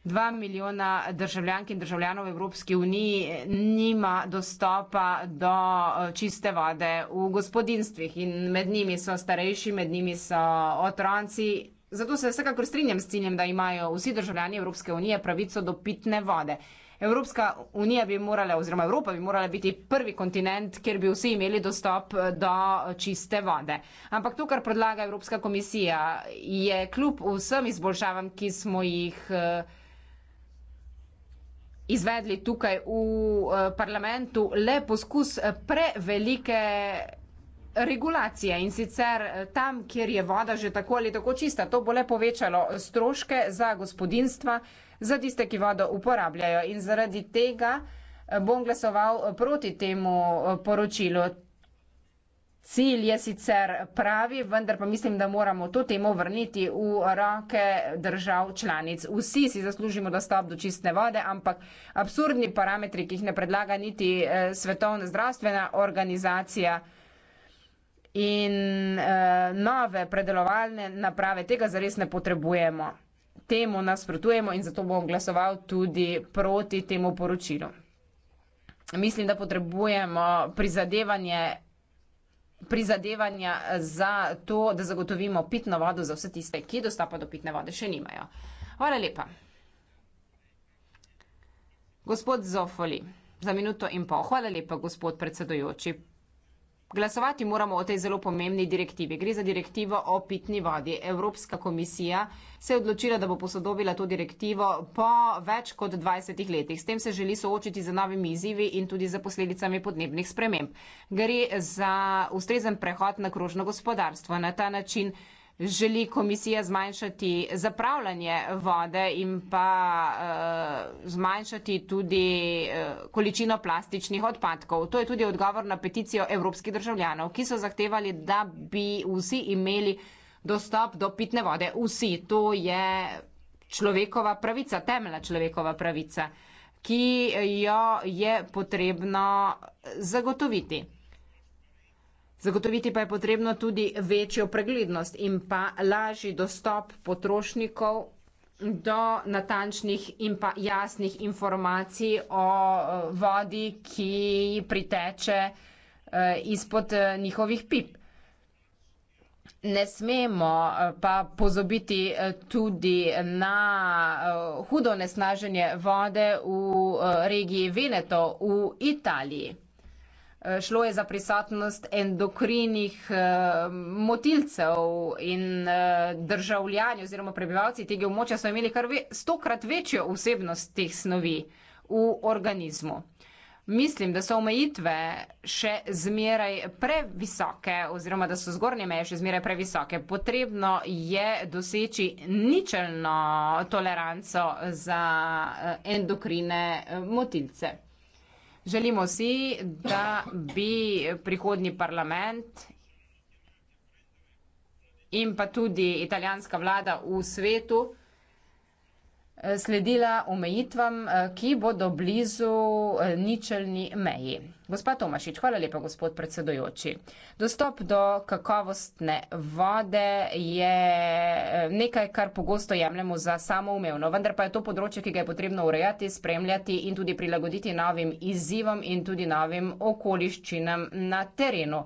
dva milijona državljank in državljanov Evropske unije nima dostopa do eh, čiste vode v gospodinstvih in med njimi so starejši, med njimi so otroci. Zato se vsekakor strinjam s ciljem, da imajo vsi državljani Evropske unije pravico do pitne vode. Evropska unija bi morala, oziroma Evropa bi morala biti prvi kontinent, kjer bi vsi imeli dostop eh, do čiste vode. Ampak to, kar predlaga Evropska komisija, je kljub vsem izboljšavam, ki smo jih eh, izvedli tukaj v eh, parlamentu, le poskus prevelike regulacije in sicer tam, kjer je voda že tako ali tako čista, to bo le povečalo stroške za gospodinstva za tiste, ki vodo uporabljajo. In zaradi tega eh, bom glasoval eh, proti temu eh, poročilu. Cilj je sicer pravi, vendar pa mislim, da moramo to temo vrniti v roke držav članic. Vsi si zaslužimo dostop do čistne vode, ampak absurdni parametri, ki jih ne predlaga niti Svetovna zdravstvena organizacija in nove predelovalne naprave, tega zares ne potrebujemo temu nasprotujemo in zato bom glasoval tudi proti temu poročilu. Mislim, da potrebujemo prizadevanje prizadevanja za to, da zagotovimo pitno vodo za vse tiste, ki dostapa do pitne vode še nimajo. Hvala lepa. Gospod Zofoli, za minuto in pol. Hvala lepa, gospod predsedojoči. Glasovati moramo o tej zelo pomembni direktivi. Gre za direktivo o pitni vodi. Evropska komisija se je odločila, da bo posodobila to direktivo po več kot 20 letih. S tem se želi soočiti z novimi izzivi in tudi za posledicami podnebnih sprememb. Gre za ustrezen prehod na krožno gospodarstvo. Na ta način želi komisija zmanjšati zapravljanje vode in pa uh, zmanjšati tudi uh, količino plastičnih odpadkov. To je tudi odgovor na peticijo evropskih državljanov, ki so zahtevali, da bi vsi imeli dostop do pitne vode. Vsi, to je človekova pravica, temeljna človekova pravica, ki jo je potrebno zagotoviti. Zagotoviti pa je potrebno tudi večjo preglednost in pa lažji dostop potrošnikov do natančnih in pa jasnih informacij o eh, vodi, ki priteče eh, izpod eh, njihovih pip. Ne smemo pa pozobiti tudi na hudo nesnaženje vode v regiji Veneto v Italiji. Eh, šlo je za prisotnost endokrinih eh, motilcev in eh, državljani oziroma prebivalci tega območja so imeli kar stokrat večjo vsebnost teh snovi v organizmu. Mislim, da so omejitve še zmeraj previsoke oziroma da so zgornje meje še zmeraj previsoke. Potrebno je doseči ničelno toleranco za endokrine motilce. Želimo si, da bi prihodni parlament in pa tudi italijanska vlada v svetu sledila omejitvam, eh, ki bodo blizu eh, ničelni meji. Gospod Tomašič, hvala lepa, gospod predsedujoči. Dostop do kakovostne vode je eh, nekaj, kar pogosto jemljemo za samoumevno, vendar pa je to področje, ki ga je potrebno urejati, spremljati in tudi prilagoditi novim izzivom in tudi novim okoliščinam na terenu.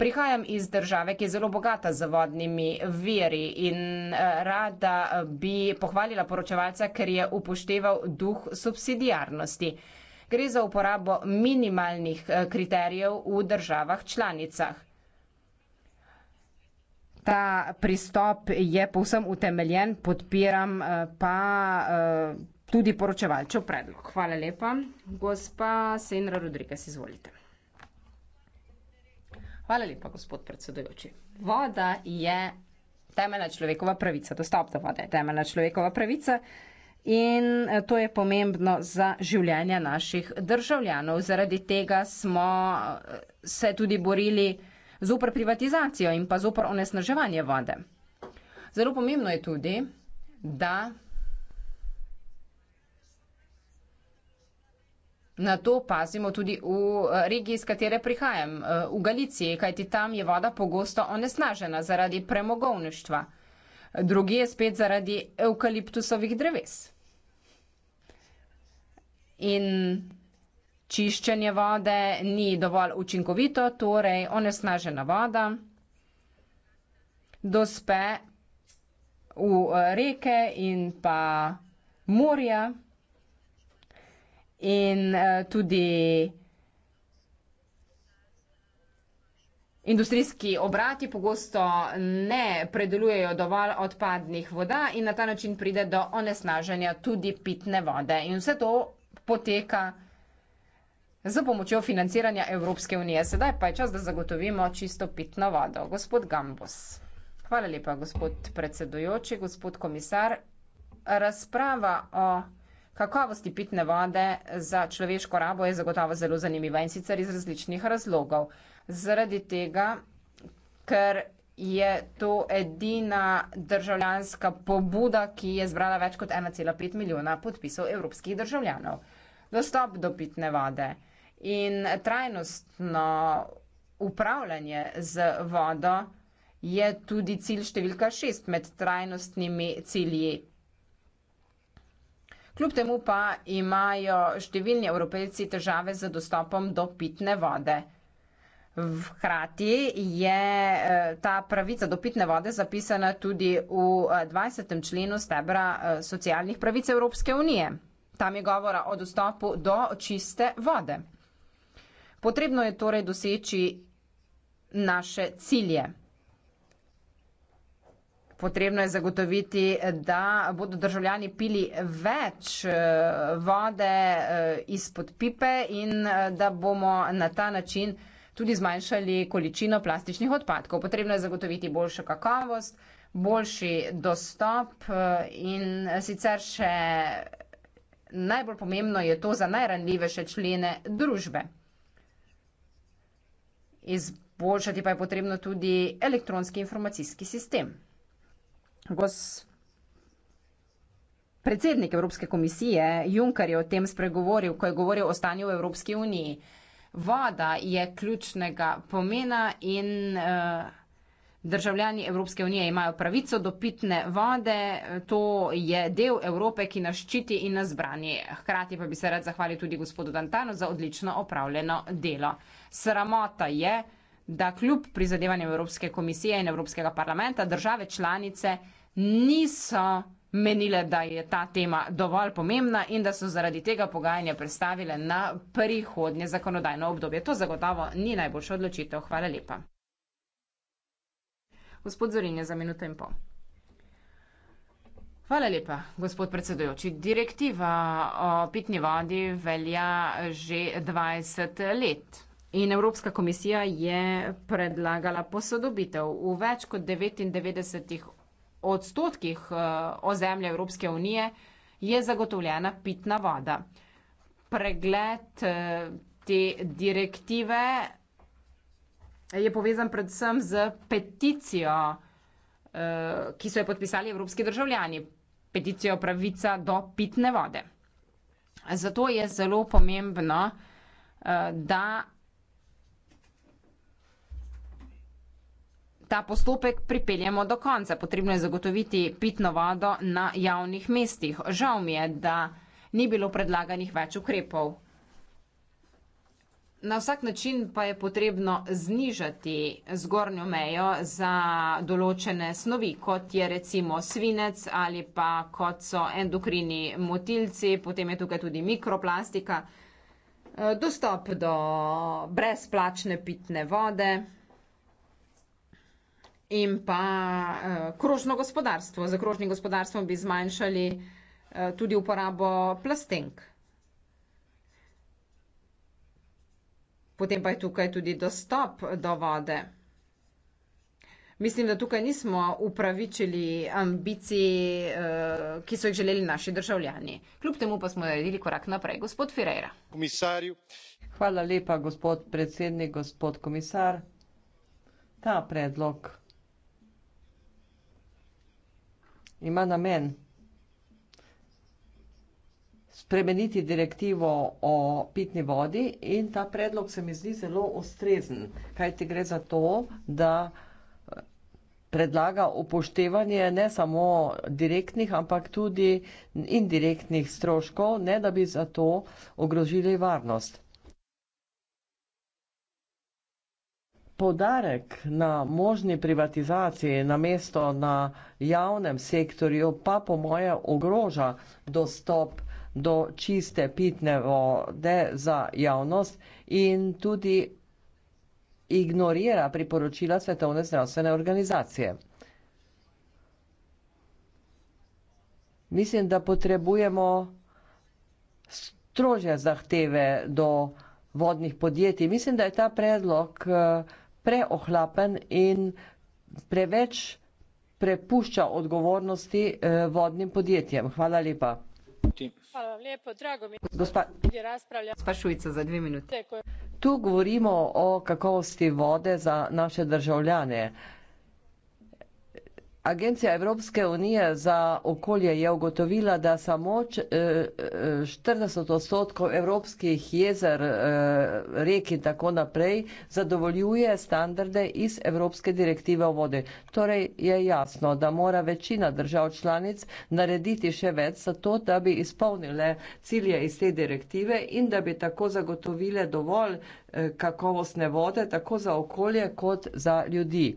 Prihajam iz države, ki je zelo bogata z vodnimi veri in eh, rada eh, bi pohvalila poročevalca, ker je upošteval duh subsidijarnosti. Gre za uporabo minimalnih eh, kriterijev v državah članicah. Ta pristop je povsem utemeljen, podpiram pa tudi poročevalčev predlog. Hvala lepa. Gospa Senra Rodrigues, izvolite. Hvala lepa, gospod predsedujoči. Voda je temeljna človekova pravica, dostop do vode je temeljna človekova pravica in eh, to je pomembno za življenje naših državljanov. Zaradi tega smo eh, se tudi borili zopr privatizacijo in pa zopr onesnaževanje vode. Zelo pomembno je tudi, da Na to pazimo tudi v eh, regiji, iz katere prihajam, eh, v Galiciji, kajti tam je voda pogosto onesnažena zaradi premogovništva. Drugi je spet zaradi eukaliptusovih dreves. In čiščenje vode ni dovolj učinkovito, torej onesnažena voda dospe v eh, reke in pa morja in uh, tudi industrijski obrati pogosto ne predelujejo dovolj odpadnih voda in na ta način pride do onesnaženja tudi pitne vode. In vse to poteka z pomočjo financiranja Evropske unije. Sedaj pa je čas, da zagotovimo čisto pitno vodo. Gospod Gambos. Hvala lepa, gospod predsedujoči, gospod komisar. Razprava o Kakovosti pitne vode za človeško rabo je zagotovo zelo zanimiva in sicer iz različnih razlogov. Zaradi tega, ker je to edina državljanska pobuda, ki je zbrala več kot 1,5 milijona podpisov evropskih državljanov. Dostop do pitne vode in trajnostno upravljanje z vodo je tudi cilj številka šest med trajnostnimi cilji Kljub temu pa imajo številni evropejci težave z dostopom do pitne vode. Hkrati je eh, ta pravica do pitne vode zapisana tudi v 20. Eh, členu stebra eh, socialnih pravic Evropske unije. Tam je govora o dostopu do čiste vode. Potrebno je torej doseči naše cilje potrebno je zagotoviti, da bodo državljani pili več eh, vode eh, izpod pipe in eh, da bomo na ta način tudi zmanjšali količino plastičnih odpadkov. Potrebno je zagotoviti boljšo kakovost, boljši dostop in sicer še najbolj pomembno je to za najranljivejše člene družbe. Izboljšati pa je potrebno tudi elektronski informacijski sistem. Predsednik Evropske komisije Juncker je o tem spregovoril, ko je govoril o stanju v Evropski uniji. Voda je ključnega pomena in uh, državljani Evropske unije imajo pravico do pitne vode. To je del Evrope, ki nas ščiti in nas brani. Hkrati pa bi se rad zahvalil tudi gospodu Dantanu za odlično opravljeno delo. Sramota je, da kljub prizadevanjem Evropske komisije in Evropskega parlamenta države članice niso menile, da je ta tema dovolj pomembna in da so zaradi tega pogajanja predstavile na prihodnje zakonodajno obdobje. To zagotovo ni najboljša odločitev. Hvala lepa. Gospod Zorin je za minuto in pol. Hvala lepa, gospod predsedujoči. Direktiva o pitni vodi velja že 20 let in Evropska komisija je predlagala posodobitev v več kot 99 odstotkih eh, ozemlja Evropske unije je zagotovljena pitna voda. Pregled eh, te direktive je povezan predvsem z peticijo, eh, ki so jo podpisali evropski državljani, peticijo pravica do pitne vode. Zato je zelo pomembno, da ta postopek pripeljemo do konca. Potrebno je zagotoviti pitno vodo na javnih mestih. Žal mi je, da ni bilo predlaganih več ukrepov. Na vsak način pa je potrebno znižati zgornjo mejo za določene snovi, kot je recimo svinec ali pa kot so endokrini motilci, potem je tukaj tudi mikroplastika, dostop do brezplačne pitne vode in pa uh, krožno gospodarstvo. Za krožnim gospodarstvom bi zmanjšali uh, tudi uporabo plastenk. Potem pa je tukaj tudi dostop do vode. Mislim, da tukaj nismo upravičili ambicij, uh, ki so jih želeli naši državljani. Kljub temu pa smo naredili korak naprej. Gospod Ferreira.
Komisarju.
Hvala lepa, gospod predsednik,
gospod komisar. Ta predlog ima namen spremeniti direktivo o pitni vodi in ta predlog se mi zdi zelo ustrezen, kajti gre za to, da eh, predlaga upoštevanje ne samo direktnih, ampak tudi indirektnih stroškov, ne da bi zato ogrožili varnost. Podarek na možni privatizaciji na mesto na javnem sektorju pa po moje ogroža dostop do čiste pitne vode za javnost in tudi ignorira priporočila Svetovne zdravstvene organizacije. Mislim, da potrebujemo strožje zahteve do vodnih podjetij. Mislim, da je ta predlog uh, preohlapen in preveč prepušča odgovornosti eh, vodnim podjetjem. Hvala lepa.
Hvala lepo, drago mi je, da Gospa Šujca za dve minute.
Tu govorimo o kakovosti vode za naše državljane. Eh, Agencija Evropske unije za okolje je ugotovila, da samo 40 eh, odstotkov evropskih jezer, eh, rek in tako naprej zadovoljuje standarde iz Evropske direktive o vode. Torej je jasno, da mora večina držav članic narediti še več za to, da bi izpolnile cilje iz te direktive in da bi tako zagotovile dovolj eh, kakovostne vode, tako za okolje kot za ljudi.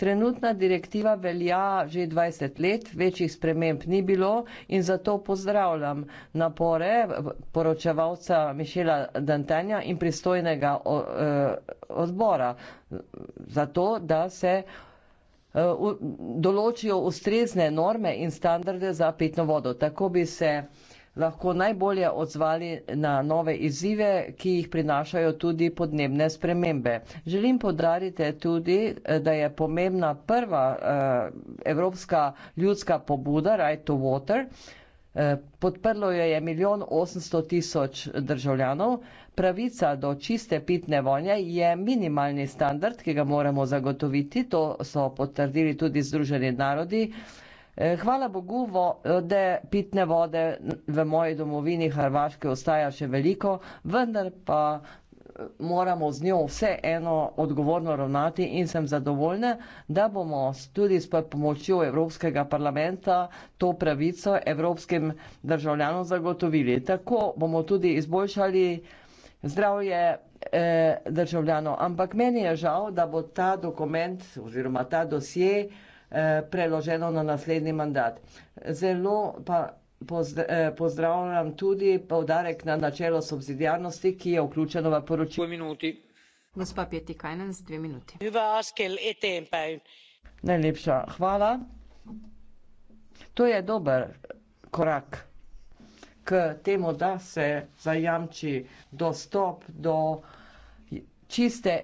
Trenutna direktiva velja že 20 let, večjih sprememb ni bilo in zato pozdravljam napore poročevalca Mišela Dantanja in pristojnega eh, odbora za to, da se eh, določijo ustrezne norme in standarde za pitno vodo. Tako bi se lahko najbolje odzvali na nove izzive, ki jih prinašajo tudi podnebne spremembe. Želim podariti tudi, da je pomembna prva eh, evropska ljudska pobuda Right to Water. Eh, podprlo jo je milijon osemsto tisoč državljanov. Pravica do čiste pitne vonje je minimalni standard, ki ga moramo zagotoviti. To so potrdili tudi Združeni narodi. Eh, hvala Bogu, da pitne vode v moji domovini Hrvaške ostaja še veliko, vendar pa eh, moramo z njo vseeno odgovorno ravnati in sem zadovoljna, da bomo tudi s pomočjo Evropskega parlamenta to pravico evropskim državljanom zagotovili. Tako bomo tudi izboljšali zdravje eh, državljanov. Ampak meni je žal, da bo ta dokument oziroma ta dosje eh, Eh, preloženo na naslednji mandat. Zelo pa eh, pozdravljam tudi povdarek na načelo subsidijarnosti, ki je vključeno v poročilo.
Gospa Pietikajnen, dve minuti.
Najlepša hvala. To je dober korak k temu, da se zajamči dostop do čiste